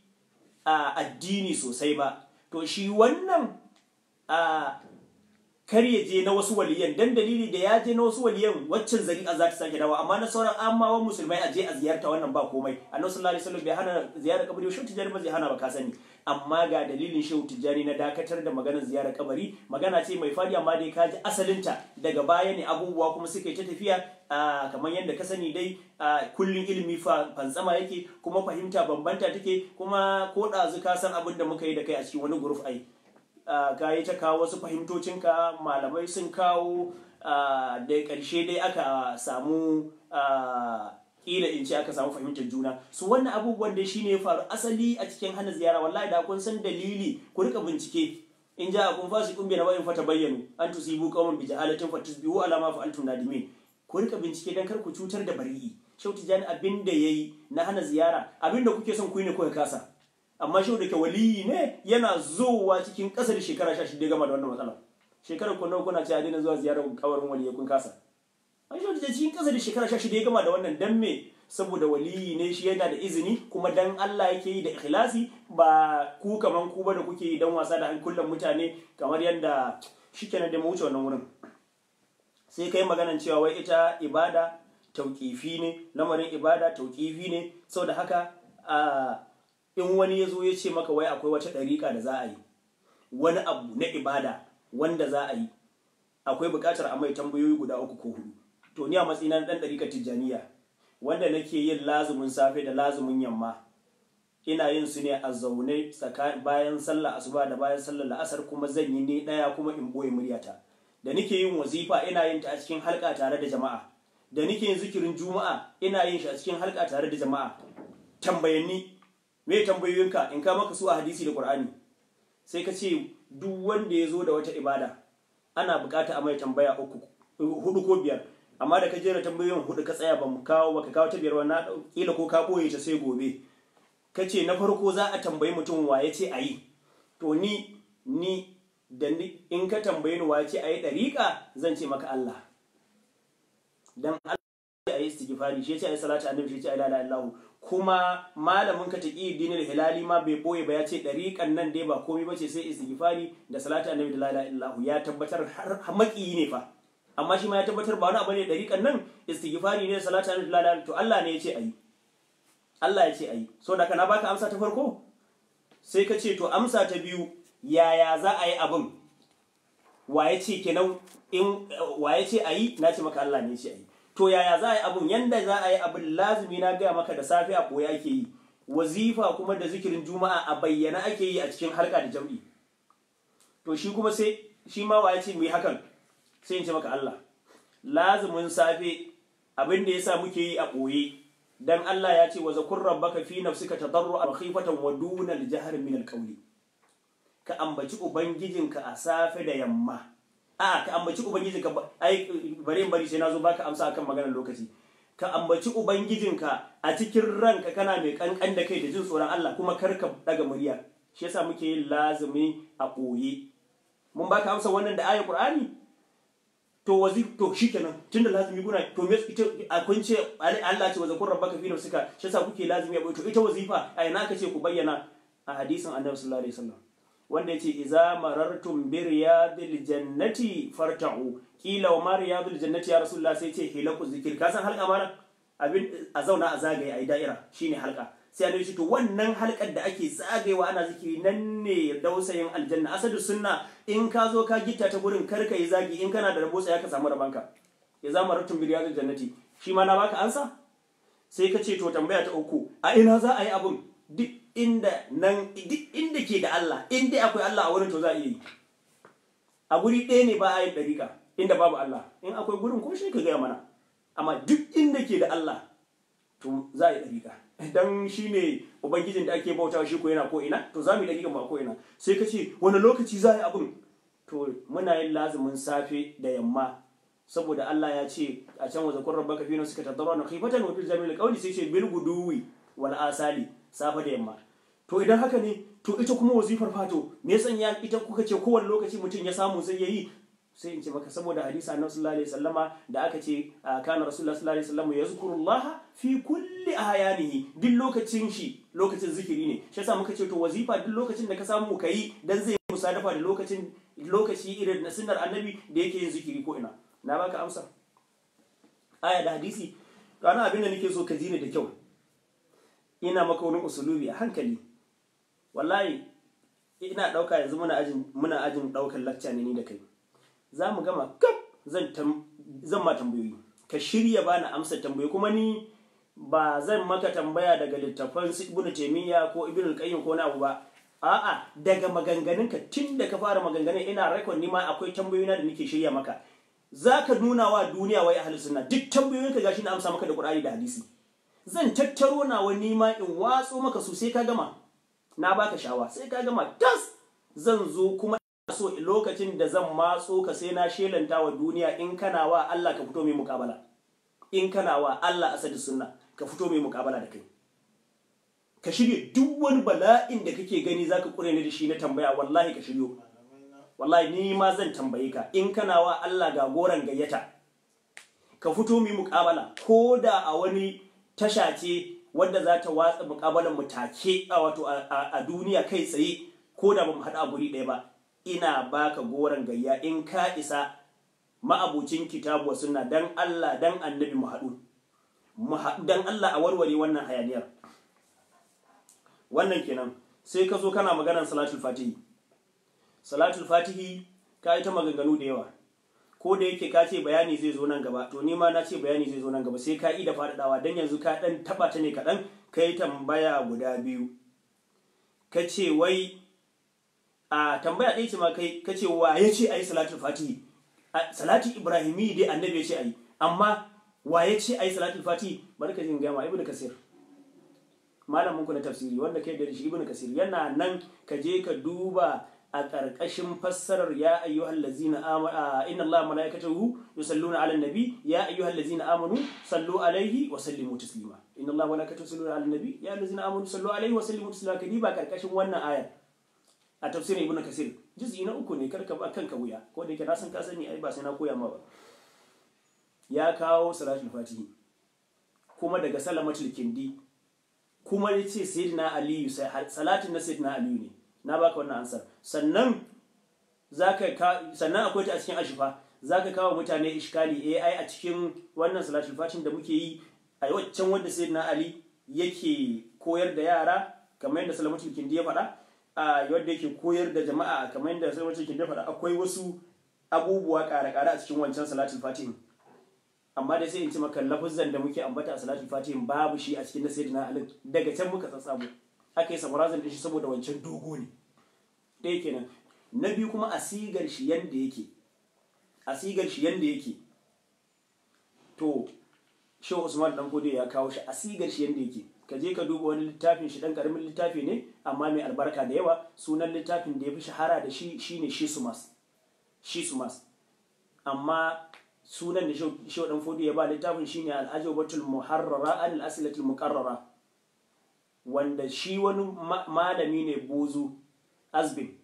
a addini sosai ba to shi wannan a karye je na wasu waliyan dan dalili da ya je na wasu waliyan waccan zari'a za ta sake dawa. amma na sauran amawa musulmai a je a ziyarta wannan ba komai annabi sallallahu alaihi wasallam bai hana ziyarar kabari shi tijar ba zai hana ba ka sani amma ga dalilin shehu tijjani na dakatar da maganar ziyarar kabari magana ce mai fadi amma dai kaji asalinta daga baya ne abubuwa kuma suke ta tafiya kamar yadda ka sani dai Kullum ilimi fantsama yake kuma fahimta bambanta take kuma ko ɗazu ka san abin da muka yi da kai a cikin wani guruf ai ka yi ta kawo wasu fahimtocinka malamai sun kawo da ƙarshe dai aka samu kila in ce aka samu fahimtar juna su wannan abubuwan da shine ya faru asali a cikin hana ziyara wallahi da kun san dalili ku rika bincike in ja kun fasu kun bayyana bayin fata bayyanu an tusibu qauman bi jahalatin fatusbihu ala ma fa'altum nadimin ku rika bincike dan kar ku cutar da bari'i shau tijani abin da yayi na hana ziyara abin da kuke son ku yi ne kuka kasa amma shau da ke waliyi ne yana zowa cikin kasar shekara 16 gama da wannan matsalar shekarar ku nawa kuna ci a daina zuwa ziyarar kawarin waliyi kun kasa Hajjaj da cikin ƙasa da shekara sha shida ya gama da wannan dan me saboda waliyi ne shi yana da izini kuma dan Allah yake yi da ikhlasi ba ku kaman ku ba da kuke yi dan wasa da hankulan mutane kamar yadda shikenan da mu wuce wannan wurin. Sai kai maganan cewa wai ita ibada tauƙifi ne lamarin ibada tauqifi ne saboda haka a in wani ya zo ya ce maka wai akwai wata ɗariƙa da za a yi wani abu na ibada wanda za a yi akwai buƙatar a mai tambayoyi guda uku ko hudu to ni a matsayina na dan ɗarika tijjaniya wanda nake yin lazumin safe da lazumin yamma ina yin su ne a zaune bayan sallah asuba da bayan sallah la'asar kuma zan yi ne ɗaya kuma in ɓoye muryata da nake yin wazifa ina yin ta a cikin halka tare da jama'a da nake yin zikirin juma'a ina yin shi a cikin halka tare da jama'a tambayanni me tambayoyinka in ka maka su a hadisi da qur'ani sai ka ce duk wanda ya zo da wata ibada ana bukata a mai tambaya uku hudu ko biyar amma da ka jera tambayoyin hudu ka tsaya ba mu kawo ba ka kawo ta biyar ba na kila ko ka boye ta sai gobe ka ce na farko za a tambayi mutum wa ya ce a yi to ni ni da ni in ka tambayi ni wa ya ce a yi dariƙa zan ce maka Allah dan Allah ya yi istighfari shi ya ce a yi salatu annabi shi ya ce a la ilaha kuma malamin ka taqi dinil hilali ma bai boye ba ya ce ɗariƙan nan dai ba komai ba ce sai istighfari da salatu annabi da la ilaha ya tabbatar har makiyi ne fa amma shi ma ya tabbatar ba wani abu ne dariƙan nan istighfari ne salatu alaihi lalal to Allah ne ya ce ayi Allah ya ce ayi so da kana baka amsa ta farko sai ka ce to amsa ta biyu yaya za a yi abin wa ya ce kenan in wa ya ce ayi na ce maka Allah ne ya ce ayi to yaya za a yi abin yanda za a yi abin lazumi na gaya maka da safe a koya ake yi wazifa kuma da zikirin juma'a a bayyana ake yi a cikin harka da jam'i to shi kuma sai shi ma wa ya ce mu yi hakan sai in ce maka Allah lazumin safe abin da yasa muke yi a boye dan Allah ya ce wa zakur rabbaka fi nafsika tadarru'an wa khifatan wa duna al-jahri min al-qawli ka ambaci ubangijinka a safe da yamma a ka ambaci ubangijinka ai bare bari sai nazo baka amsa akan maganar lokaci ka ambaci ubangijin ka a cikin ranka kana mai kankan da kai da jin tsoron Allah kuma kar ka daga murya shi yasa muke yin lazumi a koyi mun baka amsa wannan da ayatul qur'ani to wazi to shikenan tunda lazimi guna to me ita akwai ce Allah ce wa rabbaka fi nafsika shi yasa kuke lazimi yabo to ita wazifa a ina kace ku bayyana a hadisin Annabi sallallahu alaihi wasallam wanda yace iza marartum bi riyadil jannati farta'u kila wa mariyadil jannati ya rasulullah sai yace hilaku zikir kasan kasan halka mara abin a zauna a zagaye a da'ira shine halka sai da shi to wannan halkar da ake zagayewa ana zikiri nan ne dausayin aljanna asadu sunna in ka zo ka gitta ta gurin kar kayi yi zagi in kana da rabo tsaya ka samu rabanka ya zama ratun da jannati shi ma na baka ansa sai ka ce to tambaya ta uku a ina za a yi abun duk inda nan duk inda ke da Allah in dai akwai Allah a wurin to za a yi a guri ɗaya ne ba a yin dariƙa inda babu Allah in akwai gurin kuma shi ka gaya mana amma duk inda ke da Allah to za a yi dariƙa dan shi ne ubangijin da ake bauta shi ko yana ko ina to za mu yi dakika ma ko ina sai ka ce wani lokaci za a yi abin to muna yin lazumin safe da yamma saboda Allah ya ce a can wa zakon rabbaka fi nafsika tadarruan wa khifatan wa fil jamil qawli sai ce bil guduwi wal asali safe da yamma to idan haka ne to ita kuma wazifar fato me yasan ya ita kuka ce kowane lokaci mutum ya samu zai yi. sai in ce baka saboda hadisi annabi sallallahu alaihi wasallama da aka ce ah, kana rasulullahi sallallahu alaihi wasallam yazkurullaha fi kulli ahyanihi duk lokacin shi lokacin zikiri ne shi yasa muka ce to wazifa duk lokacin da ka samu kai dan zai musadafa da lokacin lokaci irin na sunnar annabi da yake yin zikiri ko ina na baka amsa aya da hadisi to ana abin da nake so ka ji ne da kyau ina maka wani usulubi a hankali wallahi ina dauka yanzu muna ajin muna ajin daukar lacca ne ni da kai za mu gama kaf zan ma tambayoyi ka shirya ba na amsa tambayoyi kuma ni ba zan maka tambaya daga littafan ibnu taymiya ko ibnu qayyim ko na abu ba a'a daga maganganunka tun da ka fara maganganun ina rikon ni ma akwai tambayoyina da nake shirya maka zaka nuna wa duniya wai ahlus sunna duk tambayoyinka gashi na amsa maka da qur'ani da hadisi zan tattaro nawa ni ma in watso maka su sai ka gama na baka shawa sai ka gama tas zan zo kuma so lokacin da zan matso ka sai na shelanta wa duniya in kana wa Allah ka fito mai mukabala in kana wa Allah asadi sunna ka fito mai mukabala da kai ka shirye duk wani bala'in da kake gani zaka kure ni da shi na tambaya wallahi ka shiryo wallahi ni ma zan tambaye ka in kana wa Allah ga goran gayyata ka fito mai mukabala ko da a wani tasha ce wanda za ta watsa mukabalan mu take a wato a duniya kai tsaye ko da ba mu hada a guri ɗaya ba ina baka goron gayya in ka isa ma'abucin kitabu wa sunna dan Allah dan annabi mu dan Allah a warware wannan hayaniyar wannan kenan sai ka zo kana maganar salatul fatihi salatul fatihi ka yi ta maganganu da yawa ko da yake ka ce bayani zai zo nan gaba to ni ma na ce bayani zai zo nan gaba sai ka yi da faɗaɗawa dan yanzu ka ɗan taɓa ta ne kaɗan ka yi tambaya guda biyu ka ce wai a tambaya ɗaya ce ma kai kace wa ya ce ayi salatul fatihi salati ibrahimi dai annabi ya ce ayi amma wa ya ce ayi salatul fatihi bari ka jin gama ibnu kasir malamin ku na tafsiri wanda kai da shi ibnu kasir yana nan ka je ka duba a ƙarƙashin fassarar ya ayyuhal ladzina amanu inna allaha malaikatahu yusalluna ala nabi ya ayyuhal ladzina amanu sallu 'alaihi wa sallimu taslima inna allaha malaikatahu yusalluna ala nabi ya ayyuhal ladzina amanu sallu 'alaihi wa sallimu taslima kadi ba ƙarƙashin wannan ayar a tafsirin ibnu kasir juz'i na uku ne karka ba kanka wuya ko da yake na san ka sani ai ba sai na koya ma ba ya kawo salatul fatihi kuma daga salamatul kindi kuma ya ce sayyidina aliyu salatin na sayyidina aliyu ne na baka wannan ansar sannan zaka sannan akwai ta a cikin ashifa zaka kawo mutane iskali ai a cikin wannan salatul fatihi da muke yi a waccan wanda sayyidina ali yake koyar da yara kamar yadda salamatul kindi ya faɗa yadda yake koyar da jama'a kamar yadda sai wace ke dafa akwai wasu abubuwa ƙara-ƙara a cikin wancan salatul fatihin amma dai sai in ci maka lafuzan da muke ambata a salatul fatihin babu shi a cikin na sayyidina daga can muka tsatsamo aka yi samarazin da shi saboda wancan dogo ne ɗaya kenan na biyu kuma a sigar shi yanda yake a sigar shi yanda yake to shehu usman dan ya kawo shi a sigar shi yanda yake ka je ka duba wani littafin shi dan karamin littafi ne amma mai albarka da yawa sunan littafin da ya fi shahara da shi shine shisumas sumas amma sunan da shi dan fodi ya ba littafin shine al-ajabatul muharrara an al muqarrara wanda shi wani malami ne bozu azbin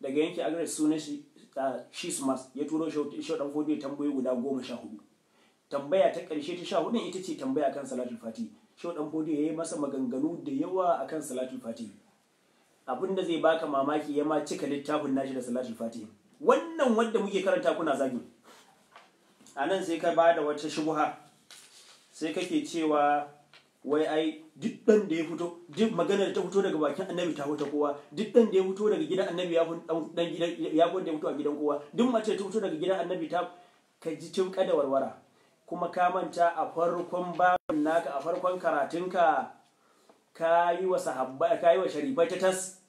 daga yanki agnes sunan shi shisumas ya turo shi dan fodi tambayoyi guda goma sha hudu tambaya ta karshe ta sha hudun ita ce tambaya kan salatul fati Shehu dan Fodiyo ya yi masa maganganu da yawa akan Salatul Fatih. Abin da zai baka mamaki ya ma cika littafin nashi da Salatul Fatih. Wannan wanda muke karanta kuna zagi. A nan sai ka bada wata shubuha sai kake cewa wai ai duk dan da ya fito duk maganar ta fito daga bakin annabi ta fito kowa duk ɗan da ya fito daga gidan annabi ya fi ya fito a gidan kowa duk mace ta fito daga gidan annabi ta ka ji cin kada warwara kuma ka manta a farkon babin naka a farkon karatunka ka yi wa sahabba ka yi wa sharibai ta tas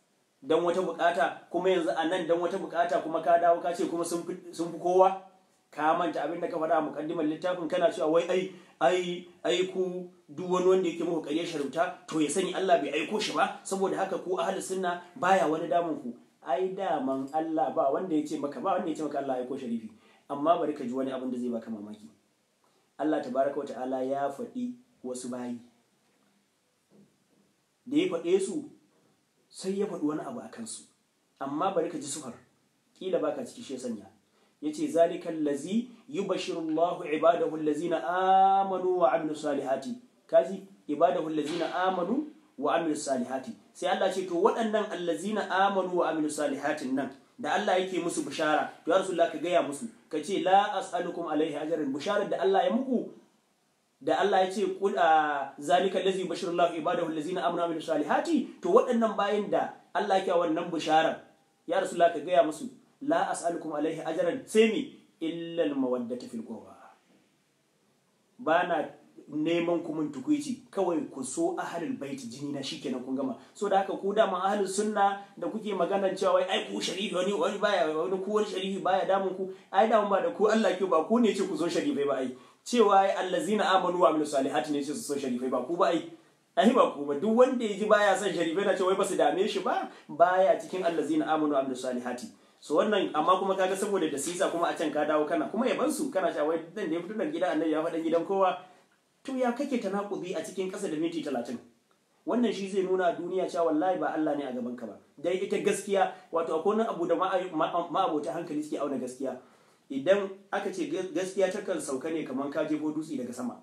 don wata bukata kuma yanzu a nan dan wata bukata kuma ka dawo ka ce kuma sun fi kowa ka manta abin da ka faɗa mukaddimar littafin kana cewa wai ai ai ai ku duk wani wanda yake muku ƙarya sharuta to ya sani Allah bai aiko shi ba saboda haka ku ahlus sunna baya wani damun ku ai daman Allah ba wanda ya ce maka ba wanda ya maka Allah aiko sharifi amma bari ka ji wani abin da zai baka mamaki Allah tabaraka wa ta'ala ya faɗi wasu bayi da ya faɗe su sai ya faɗi wani abu a kansu amma bari ka ji sufar kila baka ciki shi sanya yace zalikal lazi yubashirullahu ibadahu allazina amanu wa amilus salihati kaji ibadahu allazina amanu wa amilus salihati sai Allah ce to waɗannan allazina amanu wa amilus salihatin nan da Allah yake musu bishara to ya rasulullah ka gaya musu ka ce la as'alukum alaihi ajrin bisharar da Allah ya muku da Allah ya ce kul zalika allazi bashirullahu ibadahu allazina amanu bil salihati to waɗannan bayin da Allah ya wannan bisharar ya rasulullah ka gaya musu la as'alukum alaihi ajran sai mi illa al mawaddati fil qurba bana neman ku mun tukuici kawai ku so ahalul bait jini na na kun gama so da haka ku da ma ahalul sunna da kuke maganar cewa ai ku sharifi wani wani baya wani ku wani sharifi baya damun ku ai mun ba da ku Allah ke ba ku ne ce ku so sharifai ba ai cewa ai allazina amanu wa amilu salihati ne ce su so sharifi ba ku ba ai ai ba ku ba duk wanda yaji baya son sharifi na ce wai ba su dame shi ba baya cikin allazina amanu wa amilu salihati so wannan amma kuma kaga saboda da sisa kuma a can ka dawo kana kuma yaban su kana cewa wai dan ne ya fito gidan annabi ya faɗa gidan kowa to ya kake ta nakubi a cikin ƙasa da minti talatin wannan shi zai nuna duniya cewa wallahi ba Allah ne a gaban ka ba dai ita gaskiya wato akwai wani abu da ma'abota hankali suke auna gaskiya idan aka ce gaskiya ta kan sauka ne kamar ka jefo dutse daga sama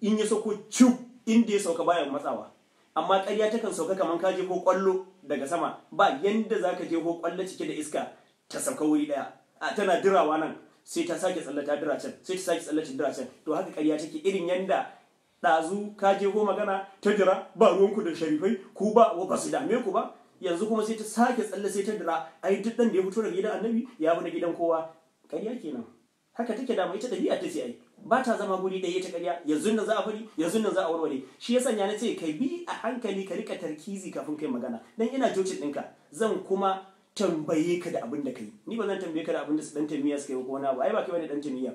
in ya sauko ciu inda ya sauka baya matsawa amma ƙarya ta kan sauka kamar ka jefo kwallo daga sama ba yanda za ka jefo kwallo cike da iska ta sauka wuri daya tana dirawa nan sai ta sake tsallata dira sai ta sake tsallata dira to haka ƙarya take irin yanda ɗazu ka je ko magana ta jira ba ruwanku da sharifai ku ba wa ba su dame ku ba yanzu kuma sai ta sake tsalle sai ta jira ai duk ɗan da ya fito daga gidan annabi ya bi na gidan kowa ƙarya kenan haka take dama ita ɗabi'a ta sai ai ba ta zama guri ɗaya ta ƙarya yanzu nan za a fari yanzu nan za a warware shi ya sanya na ce ka bi a hankali ka rika tarkizi kafin kai magana dan ina jocin ɗinka zan kuma tambaye ka da abin da kai ni ba zan tambaye ka da abin da su dan tamiya suka yi ko wani abu ai ba kai bane dan tamiya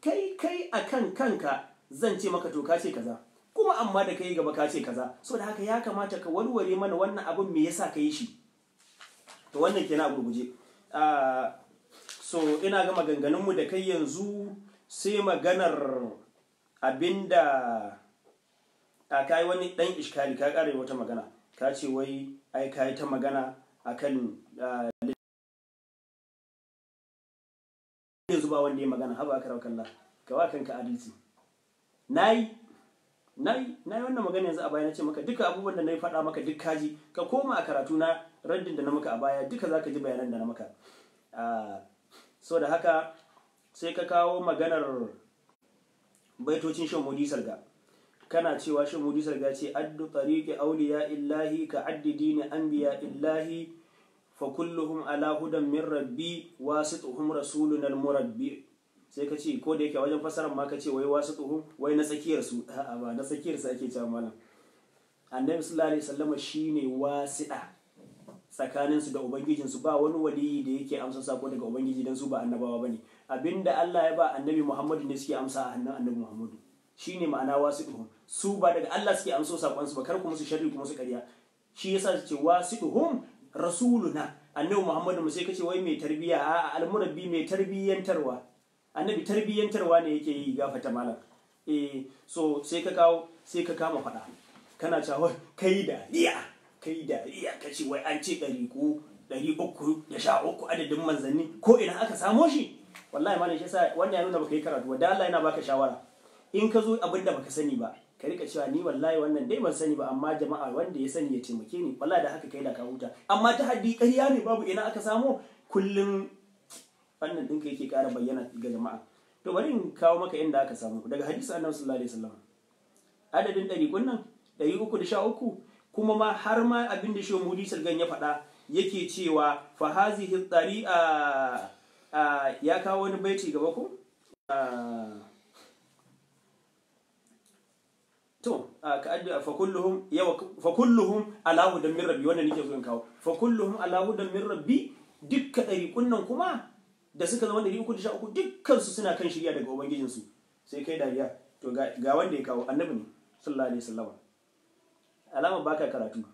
kai kai a kan kanka zan ce maka to ka ce kaza kuma amma da kai gaba ka ce kaza so da haka ya kamata ka warware mana wannan abin me yasa ka yi shi to wannan kenan na gurguje ah, so ina ga maganganunmu da kai yanzu sai maganar abinda a kai wani dan iskari ka kare wata magana ka ce wai ai kai ta magana akan yanzu ba wanda ya magana haba aka rawa ka wa kanka adalci na yi na wannan magana yanzu a baya na ce maka duka abubuwan da na yi faɗa maka duk kaji ka koma a karatu na raddin da na maka a baya duka za ji bayanan da na maka ah, so da haka sai ka kawo maganar baitocin shan mudi sarga kana cewa shan mudi sarga ce addu tariqi awliya illahi ka addi dini anbiya illahi fa kulluhum ala hudan min rabbi wasituhum rasulun al-murabbi sai ka ce ko da yake wajen fasarar ma ka ce wai wasu tsohon wai na tsakiyar su a'a ba na tsakiyar su ake cewa malam annabi sallallahu alaihi wasallama shine wasida tsakanin su da ubangijin su ba wani waliyi da yake amsa sako daga ubangiji dan su ba annabawa bane abinda Allah ya ba annabi Muhammadu ne suke amsa a hannun annabi Muhammadu shine ma'ana wasiɗuhum su ba daga Allah suke amso sakon su ba kar kuma su sharri kuma su ƙarya shi yasa su ce Rasulu rasuluna annabi Muhammadu mu sai kace wai mai tarbiya a almurabbi mai tarbiyyantarwa. annabi tarbiyyantarwa ne yake yi gafata malam eh so sai ka kawo sai ka kama faɗa kana cewa kai dariya kai dariya ka ce wai an ce ɗari ko ɗari uku da sha uku adadin manzanni ko ina aka samo shi wallahi malam shi yasa wannan ya nuna baka yi karatu ba da Allah yana baka shawara in ka zo abin da baka sani ba ka rika cewa ni wallahi wannan dai ban sani ba amma jama'a wanda ya sani ya taimake ni wallahi da haka kai da ka huta amma ta haddi ƙarya ne babu ina aka samo kullum Fannin ɗinka yake ƙara bayyana ga jama'a to bari in kawo maka inda aka samu daga hadisi annabi sallallahu alaihi wasallam adadin ɗari kunnan, ɗari uku da sha uku kuma ma har ma abin da shi mudi sirgan ya faɗa yake cewa fa hazihi ɗari'a ya kawo wani baiti gaba ku? to ka addu fa kulluhum yawa fa kulluhum ala hudan min rabbi wannan nake so in kawo fa kulluhum ala hudan min rabbi dukka ɗari kunnan kuma da suka zama ɗari uku da sha uku dukkansu suna kan shirya daga ubangijinsu sai kai dariya to ga wanda ya kawo annabi ne sallallahu alaihi wasallam alama baka karatu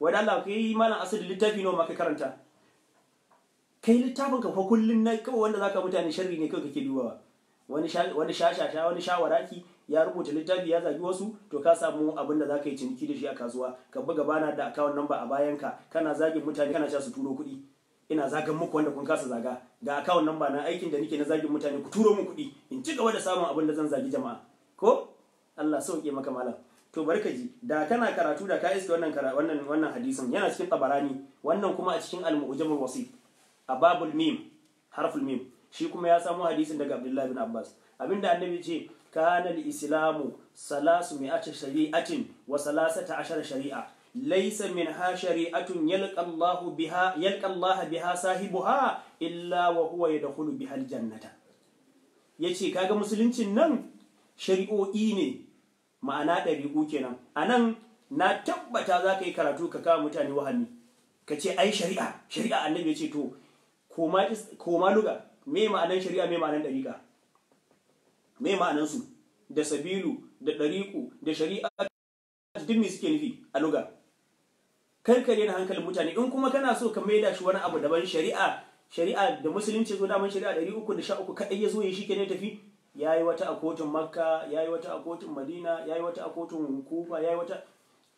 Wani Allah ka yi malam asali littafi nawa maka karanta kai littafin ka fa kullun na kawai wanda zaka mutane sharri ne kawai kake dubawa wani wani shashasha wani shawaraki ya rubuta littafi ya zagi wasu to ka samu abin da zaka yi ciniki da shi a kasuwa ka buga bana da account number a ka, kana zagin mutane kana sha su turo kuɗi ina zagan muku wanda kun kasa zaga ga akawun nan ba na aikin da nake na zagin mutane ku turo min kuɗi in ci gaba da samun abin da zan zagi jama'a ko Allah sauke maka malam to barka ji da kana karatu da ka iske wannan wannan wannan hadisin yana cikin tabarani wannan kuma a cikin al-mu'jamul wasif a mim harful mim shi kuma ya samu hadisin daga Abdullah bin Abbas abinda annabi ce kana al-islamu salasu mi'ati shari'atin wa salasata ashara shari'a laisa min ha shari'atun yalqallahu biha yalqallaha biha sahibuha illa wa huwa yadkhulu biha jannata. yace kaga musuluncin nan shari'o'i ne ma'ana ɗabi'u kenan anan na tabbata za ka yi karatu ka kawo mutane wahami ka ce ai shari'a shari'a annabi ya ce to koma luga me ma'anan shari'a me ma'anan ɗariƙa me ma'anan su da sabilu da ɗariƙu da shari'a suke nufi a luga karkare na hankalin mutane in kuma kana so ka maida shi wani abu daban shari'a shari'a da musulunci zo daman shari'a 313 kaɗai ya zo ya shike ne tafi yayi wata a kotun makka yayi wata a kotun madina yayi wata a kotun kufa yayi wata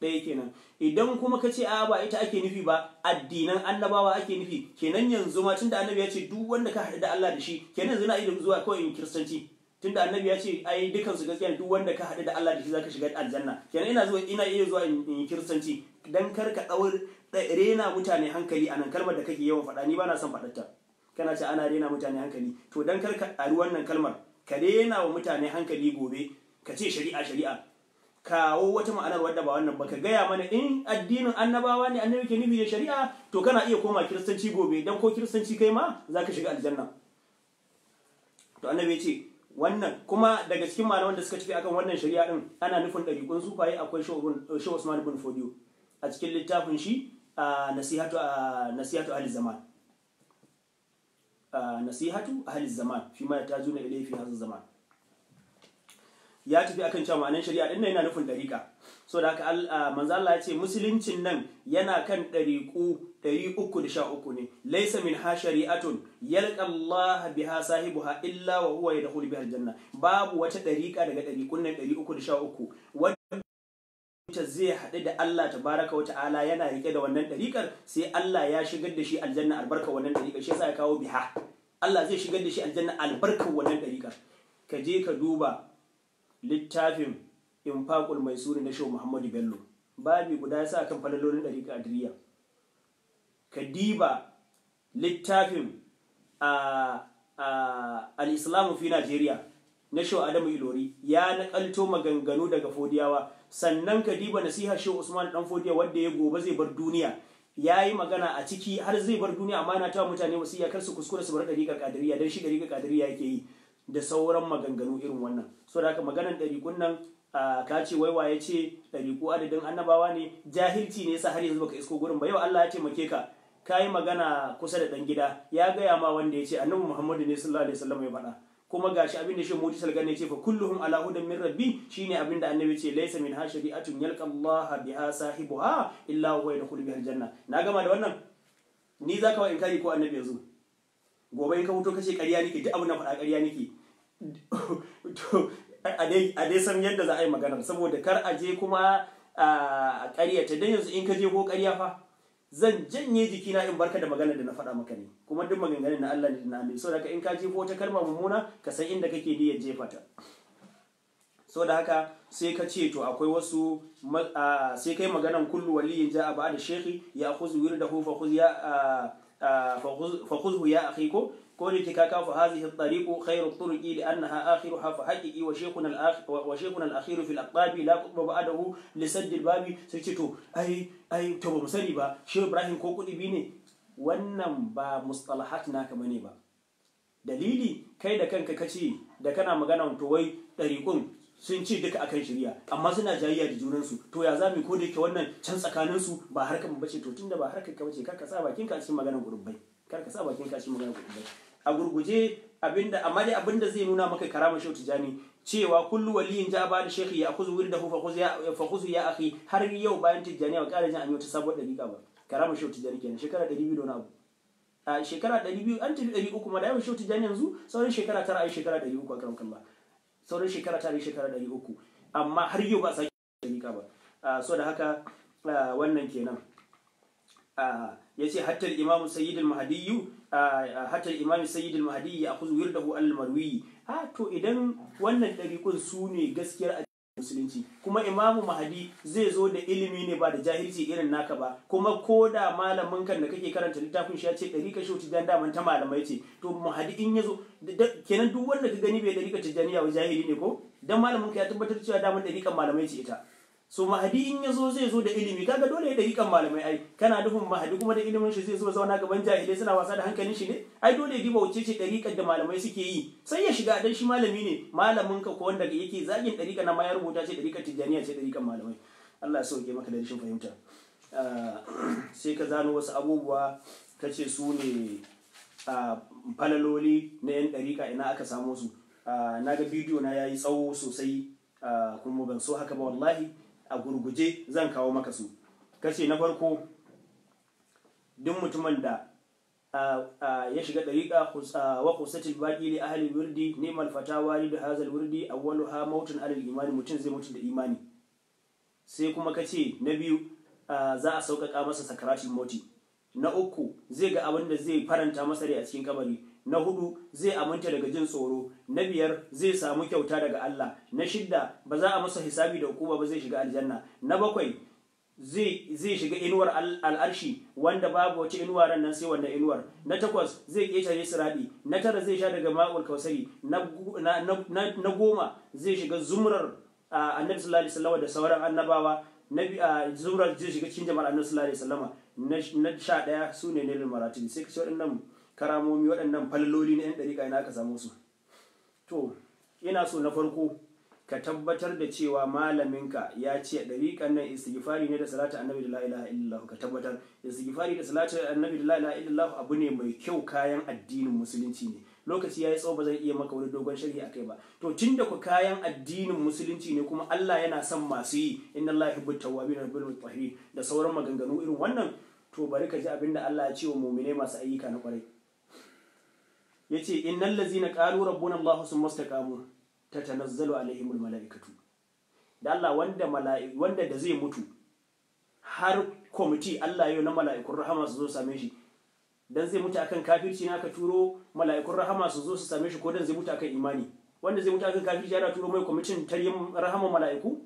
ɗaya kenan idan kuma ka ce a ba ita ake nufi ba addinan annabawa ake nufi kenan yanzu ma tunda annabi ya ce duk wanda ka haɗu da Allah da shi kenan yanzu na idan zuwa kawai in kiristanci tunda annabi ya ce ai dukan su gaskiya duk wanda ka haɗu da Allah da shi zaka shiga aljanna kenan ina zuwa ina iya zuwa in kiristanci dan kar ka ɗaur rena mutane hankali a nan kalmar da kake yawan faɗa ni ba na son faɗarta kana ce ana rena mutane hankali to dan kar ka ɗari wannan kalmar ka rena wa mutane hankali gobe ka ce shari'a shari'a kawo wata ma'anar wadda ba wannan ba ka gaya mana in addinin annabawa ne annabi ke nufi da shari'a to kana iya koma kiristanci gobe dan ko kiristanci kai ma za ka shiga aljanna to annabi ya ce wannan kuma daga cikin malaman da suka tafi akan wannan shari'a din ana nufin ɗariƙun sufaye akwai shehu usman bin fodiyo a cikin littafin shi a nasihatu a nasihatu ahli zaman nasihatu ahli zaman shi ma ta zuna ilai fi hazin zaman ya tafi akan cewa ma'anar shari'a din nan yana nufin dariƙa so da haka manzo Allah ya ce musuluncin nan yana kan dariƙu 313 ne laysa min ha shari'atun yalqa Allah biha sahibuha illa wa huwa yadkhulu biha aljanna babu wata dariƙa daga dariƙun nan 313 ta zai haɗu da Allah ta baraka wa ta'ala yana rike da wannan ɗariƙar sai Allah ya shigar da shi aljanna albarka wannan ɗariƙar shi yasa ya kawo biha Allah zai shigar da shi aljanna albarkar wannan ɗariƙar ka je ka duba littafin infaqul maisuri na Shehu Muhammadu Bello babi guda yasa kan falalolin ɗariƙar Adriya ka diba littafin a al-Islamu fi Najeriya na Shehu Adamu Ilori ya naƙalto maganganu daga Fodiyawa sannan ka diba nasiha shi Usman dan Fodiya wanda ya gobe zai bar duniya yayi magana a ciki har zai bar duniya amma na ta mutane wasiya kar su kuskura su bar dariƙar kadiriya dan shi dariƙar kadiriya yake yi da sauran maganganu irin wannan so da haka maganar dariƙun nan ka ce wai ya ce dariƙu adadin annabawa ne jahilci ne yasa har yanzu baka isko gurin ba yau Allah ya taimake ka ka yi magana kusa da ɗan gida ya gaya ma wanda ya ce annabi Muhammadu ne sallallahu alaihi wasallam ya faɗa kuma gashi abin da shi mutu salgan ne ce fa kulluhum ala hudan min rabbi shine abin da annabi ce laysa min hashari'atun yalqa Allah biha sahibuha illa huwa yadkhulu biha janna. na gama da wannan ni zaka wa inkari ko annabi yanzu. gobe in ka huto kace ƙarya nake duk abin na faɗa ƙarya nake a dai san yadda za a yi magana saboda kar a je kuma a ƙaryata dan yanzu in ka je ko ƙarya fa zan janye jikina in barka da magana da na faɗa maka ne kuma duk maganganun na Allah ne da na so da in ka ko ta kalma mummuna ka san inda kake ya jefa ta so da haka sai ka ce to akwai wasu sai kai maganan kullu waliyin ja ba da shekhi ya khuz wirdahu fa khuz ya fa khuzhu ya akhi ko ko ne ke kaka fa hazihi at-tariqu khayru at-turuqi li annaha akhiruha fa haqiqi wa shaykhun al-akhir wa shaykhun al-akhir fi al-aqab la qutba ba'dahu li sadd al-bab sai ce to ai ai to ba musani ba shi Ibrahim ko kudi bi ne wannan ba mustalahat na kama ne ba dalili kai da kanka kace da kana magana to wai tariqun sun ci duka akan shari'a amma suna jayayya da junansu to ya zami ko da yake wannan can tsakanin su ba harkar bace to tunda ba harkar ka bace ka sa bakin ka cikin maganar gurbai kar ka sa bakin ka cikin maganar gurbai a gurguje abinda amma dai abinda zai nuna maka karama shau tijani cewa kullu waliyin ja ba da shekhi ya kuzu wuri da hufa ya akhi har yau bayan tijani a ƙara jin an yi wata sabuwar dariƙa ba karama shau tijani kenan shekara 200 biyu wani abu a shekara 200 an tafi 300 ma da yawan shehu tijani yanzu sauran shekara tara ayi shekara uku a karan kallah sauran shekara tara ayi shekara uku amma har yau ba a sake dariƙa ba so da haka wannan kenan ya ce hatar imam sayyid hatta imamu imam sayyid a kuzu wirdahu al-marwi a to idan wannan dariqun su ne gaskiyar musulunci kuma imamu mahadi zai zo da ilimi ne ba da jahilci irin naka ba kuma ko da malamin kan da kake karanta littafin shi ya ce dari kashe wuce dan daman ta malamai ce to mahadi in ya zo kenan duk wanda ka gani bai dari ka tijjaniya wa jahili ne ko dan malamin ka ya tabbatar cewa daman dari kan malamai ce ita so mahadi in ya zo zai zo da ilimi kaga dole ya kan malamai ai kana nufin mahadi kuma da ilimin shi zai zo zauna gaban jahilai suna wasa da hankalin shi ne ai dole ya diba wuce ce dariƙar da malamai suke yi sai ya shiga dan shi malami ne malamin ka ko wanda yake zagin dariƙa na mayar rubuta ce dariƙar tijaniya ce dariƙar malamai Allah ya sauke maka da rashin fahimta ah, sai ka zano wasu abubuwa ka ce su ne falaloli na yan dariƙa ina aka samo su ah, na ga bidiyo na ya yi tsawo sosai ah, kuma ban so haka ba wallahi a gurguje zan kawo maka su kashe na farko duk mutumin da ya shiga dariƙa wa kusatil baƙi li ahalin wurdi neman fatawa wari da hazal a wani ha mautun alil imani mutum zai mutu da imani sai kuma ka ce na biyu za a sauƙaƙa masa sakaratul moti. na uku zai ga abin da zai faranta masa a cikin kabari na hudu zai aminta daga jin tsoro na biyar zai samu kyauta daga Allah na shidda ba za a masa hisabi da hukuma ba zai shiga aljanna na bakwai zai shiga inuwar al'arshi wanda babu wace inuwa ran nan sai wannan inuwar na takwas zai ƙetare siradi na tara zai sha daga ma'ul kausari na goma zai shiga zumrar annabi sallallahu alaihi wasallam da sauran annabawa na zumrar zai shiga cikin jama'ar annabi sallallahu alaihi wasallam na sha ɗaya ne lil maratibi sai ka ci waɗannan karamomi waɗannan falloli na 'yan ɗariƙa ina ka samu su to ina so na farko ka tabbatar da cewa malaminka ya ce ɗariƙan nan istighfari ne da salatu annabi da la'ila ka tabbatar istighfari da salatu annabi da la'ila abu ne mai kyau kayan addinin musulunci ne lokaci ya yi tsawo ba zai iya maka wani dogon sharhi akai ba to tun da ku kayan addinin musulunci ne kuma Allah yana son masu yi inna Allah yuhibbu tawwabin wa yuhibbul da sauran maganganu irin wannan to bari ka ji abinda Allah ya ce wa mu'mine masu ayyuka na kwarai yace innal ladzina qalu rabbuna allah summa ta tanazzalu alaihim almalaikatu da Allah wanda mala'i wanda da zai mutu har kwamiti Allah yau na mala'ikun rahama su zo same shi dan zai mutu akan kafirci na ka turo mala'ikun rahama su zo su same shi ko dan zai mutu akan imani wanda zai mutu akan kafirci yana turo mai kwamitin taryin rahama mala'iku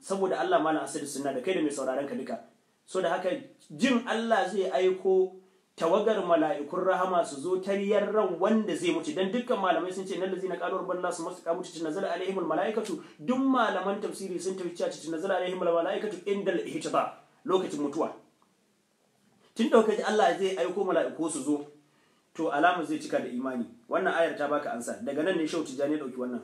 saboda Allah mana asali sunna da kai da mai sauraron ka duka so da haka jin Allah zai aiko tawagar mala'ikun rahama su zo tariyar ran wanda zai mutu dan dukkan malamai sun ce nan lazina qalu rabbana su masu kamutu tunazala alaihim mala'ikatu duk malaman tafsiri sun tafi cewa tunazala alaihim mala'ikatu indal ihtiba lokacin mutuwa tun ji Allah zai aiko mala'iku su zo to alama zai cika da imani wannan ayar ta baka ansa daga nan ne shau tijani dauki wannan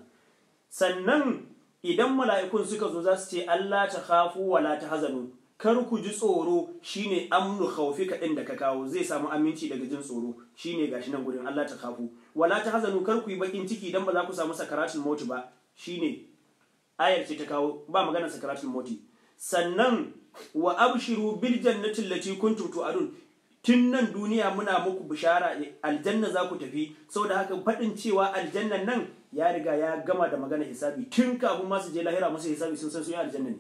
sannan idan mala'ikun suka zo za su ce Allah ta khafu wala ta hazanu kar ku ji tsoro shine amnu khawfi ka inda da ka kawo zai samu aminci daga jin tsoro shine gashi nan gurin Allah ta kafu wala ta hazanu kar ku yi bakin ciki dan ba za ku samu sakaratul mauti ba shine ayar ce ta kawo ba magana sakaratul mauti sannan wa abshiru bil jannati allati kuntum tu'adun tun nan duniya muna muku bishara aljanna za ku tafi saboda haka faɗin cewa aljannan nan ya riga ya gama da magana hisabi tun kafin masu je lahira masu hisabi sun san sun yi aljanna ne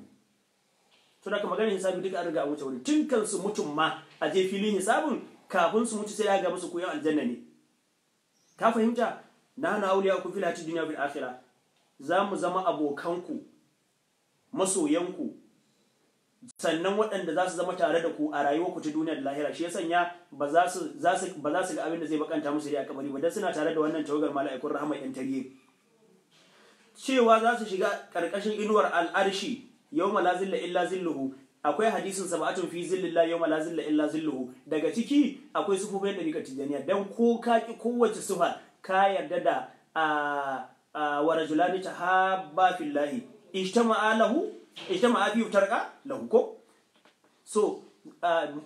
to da magana hisabi duka an riga an wuce wuri tun kan su mutum ma a je filin hisabin kafin su mutu sai ya ga musu koyon aljanna ne ka fahimta na hana auliya ku fil hati duniya bil akhirah za mu zama abokanku masoyanku sannan waɗanda za su zama tare da ku a ku ta duniya da lahira shi ya sanya ba za su ga abin da zai bakanta musu a kabari ba dan suna tare da wannan tawagar mala'ikun rahama yan tarihi cewa za su shiga karkashin inuwar al'arshi Yau ma lazilla illa zilluhu akwai hadisin sab'atun fi zillillah yau ma lazilla illa zilluhu daga ciki akwai sufufin nika tijaniya dan ko ka ki kowace sufa ka yarda da a warajulani ta haba fillahi ijtama'a lahu ijtama'a fi tarqa lahu ko so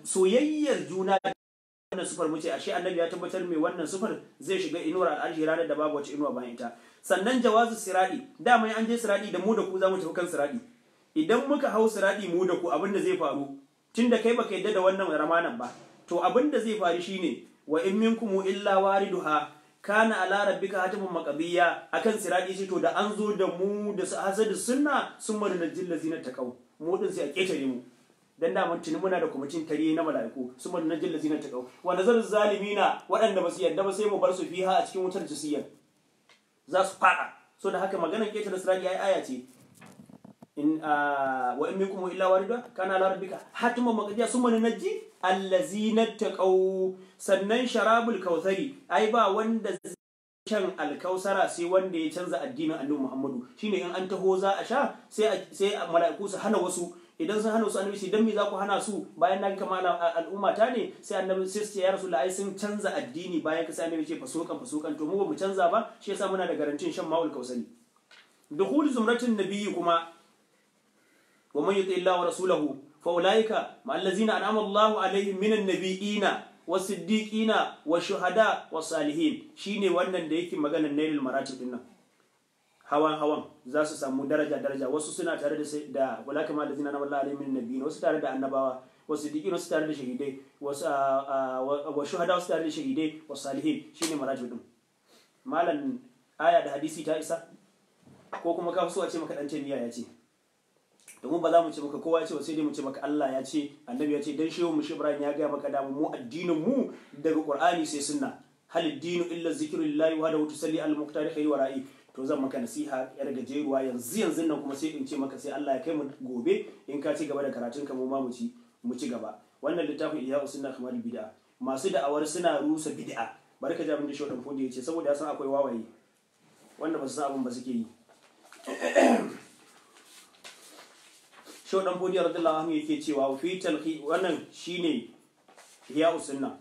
soyayyar juna wannan sufar mu ce ashe annabi ya tabbatar mai wannan sufar zai shiga inuwar al'arshi ranar da babu wata inuwa bayan ita sannan jawazu siradi dama an je Siraɗi, da mu da ku za mu tafi kan Siraɗi. idan muka hau siradi mu da ku abin da zai faru tunda kai baka yadda da wannan ramanan ba to abin da zai faru shine wa in minkum illa wariduha kana ala rabbika hatimun maqabiyya akan siradi shi to da an zo da mu da su hasadu sunna sun mana da ta kau mu din sai a ketare mu dan da tuni muna da kumacin tare na malaiku su mana da ta kau wa nazar zalimina waɗanda ba su yadda ba sai mu bar su fiha a cikin wutar jisiyar za su fada so da haka maganar ketare siradi ai aya ce in uh, wa in minkum illa warida kana ala rabbika hatuma maqdiya summa nanji allazina taqaw sannan sharabul kautsari ai ba wanda shan alkausara sai wanda ya canza addinin annabi Muhammadu shine in an taho za a sha sai sai mala'iku su hana wasu idan sun hana su annabi sai dan me za ku hana su bayan nan kama al'umma ta ne sai annabi sai su ya rasulullahi sun canza addini bayan ka sai annabi ce fasukan fasukan to mu ba mu canza ba shi yasa muna da garantin shan ma'ul kausari dukhul zumratin nabiyyi kuma ومن يطع الله ورسوله فاولئك مع الذين انعم الله عليهم من النبيين والصديقين والشهداء والصالحين شيني wannan da yake magana lil maratib din nan hawan hawan za su samu daraja daraja wasu suna tare da da walaka ma allazina anama Allah alaihim min nabiyyin wasu tare da annabawa wasu dikin wasu tare da shahidai wasu wa shuhada wasu tare da shahidai wa salihin shine maratib din Malam aya da hadisi ta isa ko kuma ka so a ce maka dan tamiya ya ce domin ba za mu ce maka kowa ya ce ba sai dai mu ce maka Allah ya ce annabi ya ce dan shehu mu Ibrahim ya ga maka da mu addinin mu daga Qur'ani sai sunna hal dinu illa zikrullahi wa hadu tusalli al muqtari khayr wa ra'i to zan maka nasiha yar gajeruwa yanzu yanzu nan kuma sai in ce maka sai Allah ya kai mu gobe in ka ci gaba da karatun ka mu ma mu ci mu ci gaba wannan littafin iya sunna kamar bid'a masu da'awar suna rusa bid'a barka jami'in da shodan fodi ya ce saboda ya san akwai wawaye wanda ba su san abin ba suke yi sho dan fodiya radiyallahu anhu yake cewa fi talhi wannan shine hiya usunna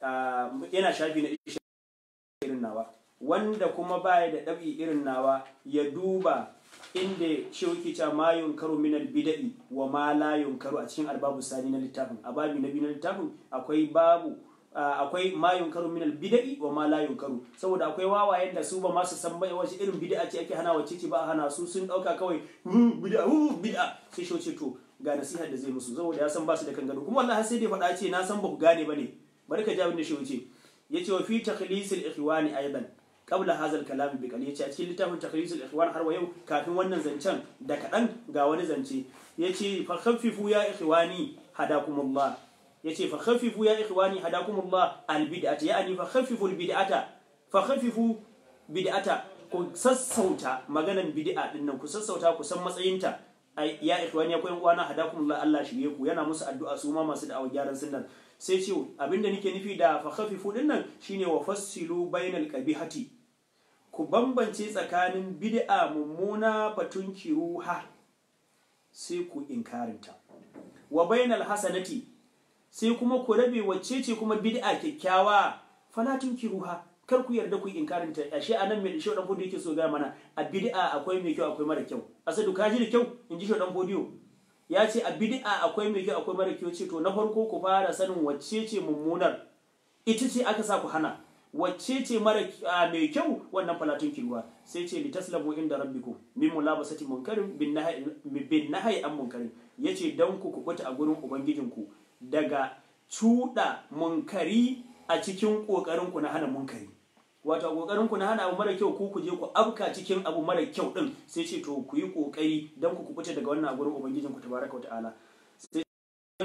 ah, yana shafi na irin nawa wanda kuma baya da dabi irin nawa ya duba inda shi yake cewa ma yunkaru min bidai wa ma la yunkaru a cikin albabu sani na littafin a babu na littafin akwai babu Ah, akwai ma yunkaru minal bid'i wa ma la yunkaru saboda akwai wawayen da su ba ma su san bai wace irin bid'a ce ake hana wa ce ba hana su sun dauka kawai hmm, bid'a hmm, bid'a sai shoce to ga nasihar da zai musu saboda ya san ba su da kangaro kuma Allah sai dai faɗa ce na san ba ku gane bane bari ka ji abin da shi wuce yace wa fi takhlisil ikhwani aidan qabla hazal kalam bi yace a cikin littafin takhlisul ikhwan har wa yau kafin wannan zancen da kadan ga wani zance yace fa khaffifu ya ikhwani hadakumullah yace fa khaffifu ya ikhwani hadakumullah al bid'ata ya'ani fa khaffifu al fa khaffifu bid'ata ku sassauta maganan bid'a din nan ku sassauta ku san matsayinta ya ikhwani akwai koyan uwana hadakumullah Allah shige ku yana musu addu'a su ma masu da'awar gyaran sunnan sai ce abinda nake nufi da fa khaffifu din nan shine wa fassilu bainal qabihati ku bambance tsakanin bid'a mummuna fatun kiruha sai ku inkarinta wa bainal hasanati sai kuma ku rabe wacce ce kuma bid'a kyakkyawa fala Ruha, kar ku yarda ku inkarin ta ashe anan mai shodan fodiyo yake so ga mana a bid'a akwai mai kyau akwai mara kyau asadu ka ji da kyau inji dan bodiyo ya ce a bid'a akwai mai kyau akwai mara kyau ce to na farko ku fara sanin wacce ce mummunar ita ce aka sa ku hana wacce ce mara mai kyau wannan falatun ruha? sai ce li taslabu inda rabbiku min mulabasati munkarin bin nahai an munkarin yace dan ku ku kwata a gurin ubangijinku daga cuɗa munkari a cikin ƙoƙarin ku na hana munkari wato ƙoƙarin ku na hana abu mara kyau ku ku je ku afka cikin abu mara kyau ɗin. sai ce to ku yi ƙoƙari dan ku kubuta daga wannan gurin ubangijin ku baraka wata ta'ala sai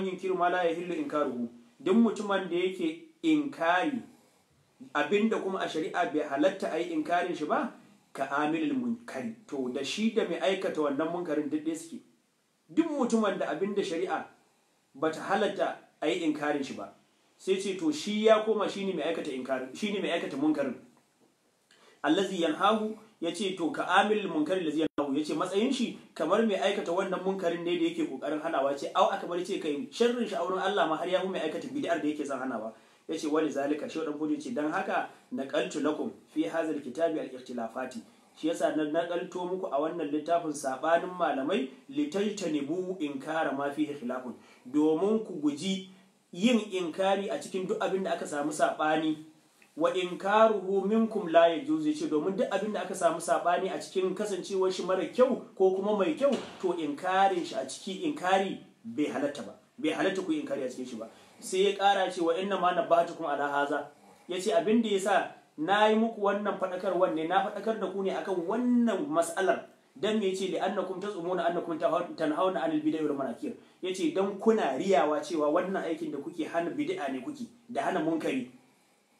yin kiru ma la in karuhu, duk mutumin da yake inkari abinda kuma a shari'a bai halatta a yi inkarin shi ba ka amilin munkari to da shi da mai aikata wannan munkarin duk suke duk mutumin da abinda shari'a ba ta halatta a yi inkarin shi ba sai ce to shi ya koma shi ne mai aikata munkarin allazi hagu ya ce to ka amil munkarin allazi hagu ya ce matsayin shi kamar mai aikata wannan munkarin ne da yake kokarin hanawa ce au aka ce kai sharrin shi wurin Allah ma har ya mai aikata bid'ar da yake son hanawa ya ce wani zalika shi wadanda ce dan haka naqaltu lakum fi hazal kitabi al-ikhtilafati shi yasa na nakalto muku a wannan littafin sabanin malamai litajtanibu inkara ma fihi khilafun domin ku guji yin inkari a cikin duk abin da aka samu sabani wa inkaruhu minkum la yajuz yace domin duk abin da aka samu sabani a cikin kasancewar shi mara kyau ko kuma mai kyau to inkarin shi a ciki inkari bai halatta ba bai halatta ku inkari a cikin shi ba sai ya kara cewa inna ma nabatukum ala haza yace abin da yasa na yi muku wannan faɗakarwar wanne na faɗakar da ku ne akan wannan mas'alar dan me yace li annakum tasumuna annakum tanhauna anil bid'a wal manakir yace dan kuna riyawa cewa wannan aikin da kuke hana bid'a ne kuke da hana munkari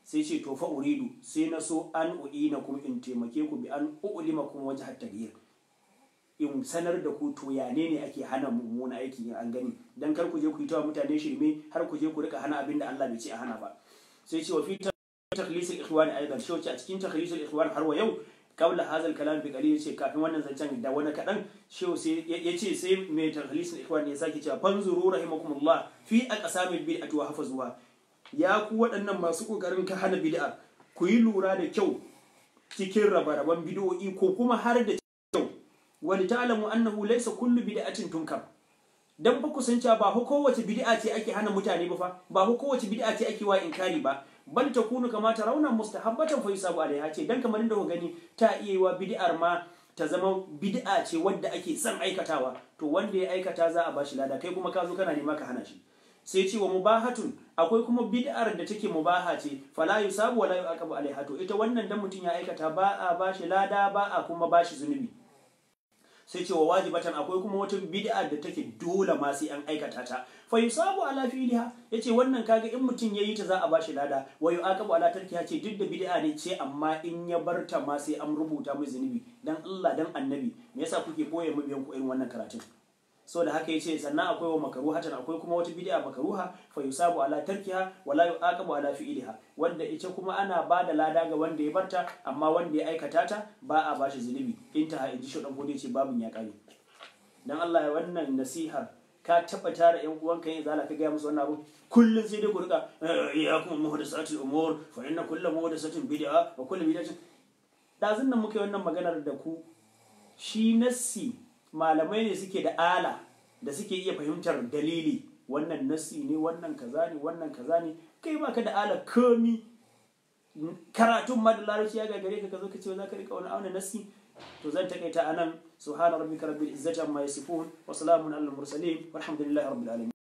sai ce to fa uridu sai na so an uina kum in taimake ku bi an ulimakum wajhat taghyir in sanar da ku to ya ne ake hana mummuna aiki an gani dan kar ku je ku yi ta mutane shirme har ku je ku rika hana abin da Allah bai ce a hana ba sai ce wa fi takhlisul ikhwan aidan shi a cikin takhlisul ikhwan har wa yau kabla hazal kalam bi qalil yace kafin wannan zancen da wani kadan shi ya yace sai mai takhlisul ikhwan ya sake cewa fanzuru rahimakumullah fi aqsamil bid'ati wa hafazuha ya ku waɗannan masu kokarin ka hana bid'a ku yi lura da kyau cikin rabaraban bid'o'i ko kuma har da kyau wani ta'lamu annahu laysa kullu bid'atin tunkar dan ba ku san cewa ba kowace bid'a ce ake hana mutane ba fa ba kowace bid'a ce ake wa inkari ba bal kunu kama tarawna mustahabbatan fa yusabu alaiha ce dan kamar inda ku gani ta iya wa bid'ar ma ta zama bid'a ce wadda ake son aikatawa to wanda ya aikata za a bashi lada kai kuma ka zo kana nema ka hana shi sai ce wa mubahatun akwai kuma bid'ar da take mubaha ce fala yusabu wala yuqabu alaiha to ita wannan dan mutun ya aikata ba a bashi lada ba a kuma bashi zunubi sai cewa wajibatan akwai kuma wata bid'a da take dole ma sai an aikata ta fa yusabu ala filiha yace wannan kaga in mutum yayi ta za a bashi lada wa yuqabu ala tarki ce duk da bid'a ne ce amma in ya barta ma sai an rubuta mai zunubi dan Allah dan annabi me yasa kuke boye mu biyan ku irin wannan karatun so da haka yace sannan akwai wa makaruhatan akwai kuma wata bid'a makaruha fa yusabu ala tarkiha wa la yu'aqabu ala fi'liha wanda ita kuma ana ba da lada ga wanda ya barta amma wanda ya aikata ta ba a bashi in ta inji shi dan gode ce babun ya kare dan Allah wannan nasiha ka taba tara yan uwanka yin zala ka gaya musu wannan abu kullun sai dai ku rika eh, ya kuma muhdasatul umur fa inna kullu muhdasatin bid'a wa kullu bid'atin dazun nan muke wannan maganar da ku shi nasi. malamai ne suke da ala da suke iya fahimtar dalili wannan nasi ne wannan kaza ne wannan kaza ne kai ba ka da ala komi karatun ma da larabci ya gagare ka kazo ka ce za ka rika wani auna nasi to zan takaita anan subhana rabbika rabbil izzati amma yasifun wa salamun alal mursalin walhamdulillahi rabbil alamin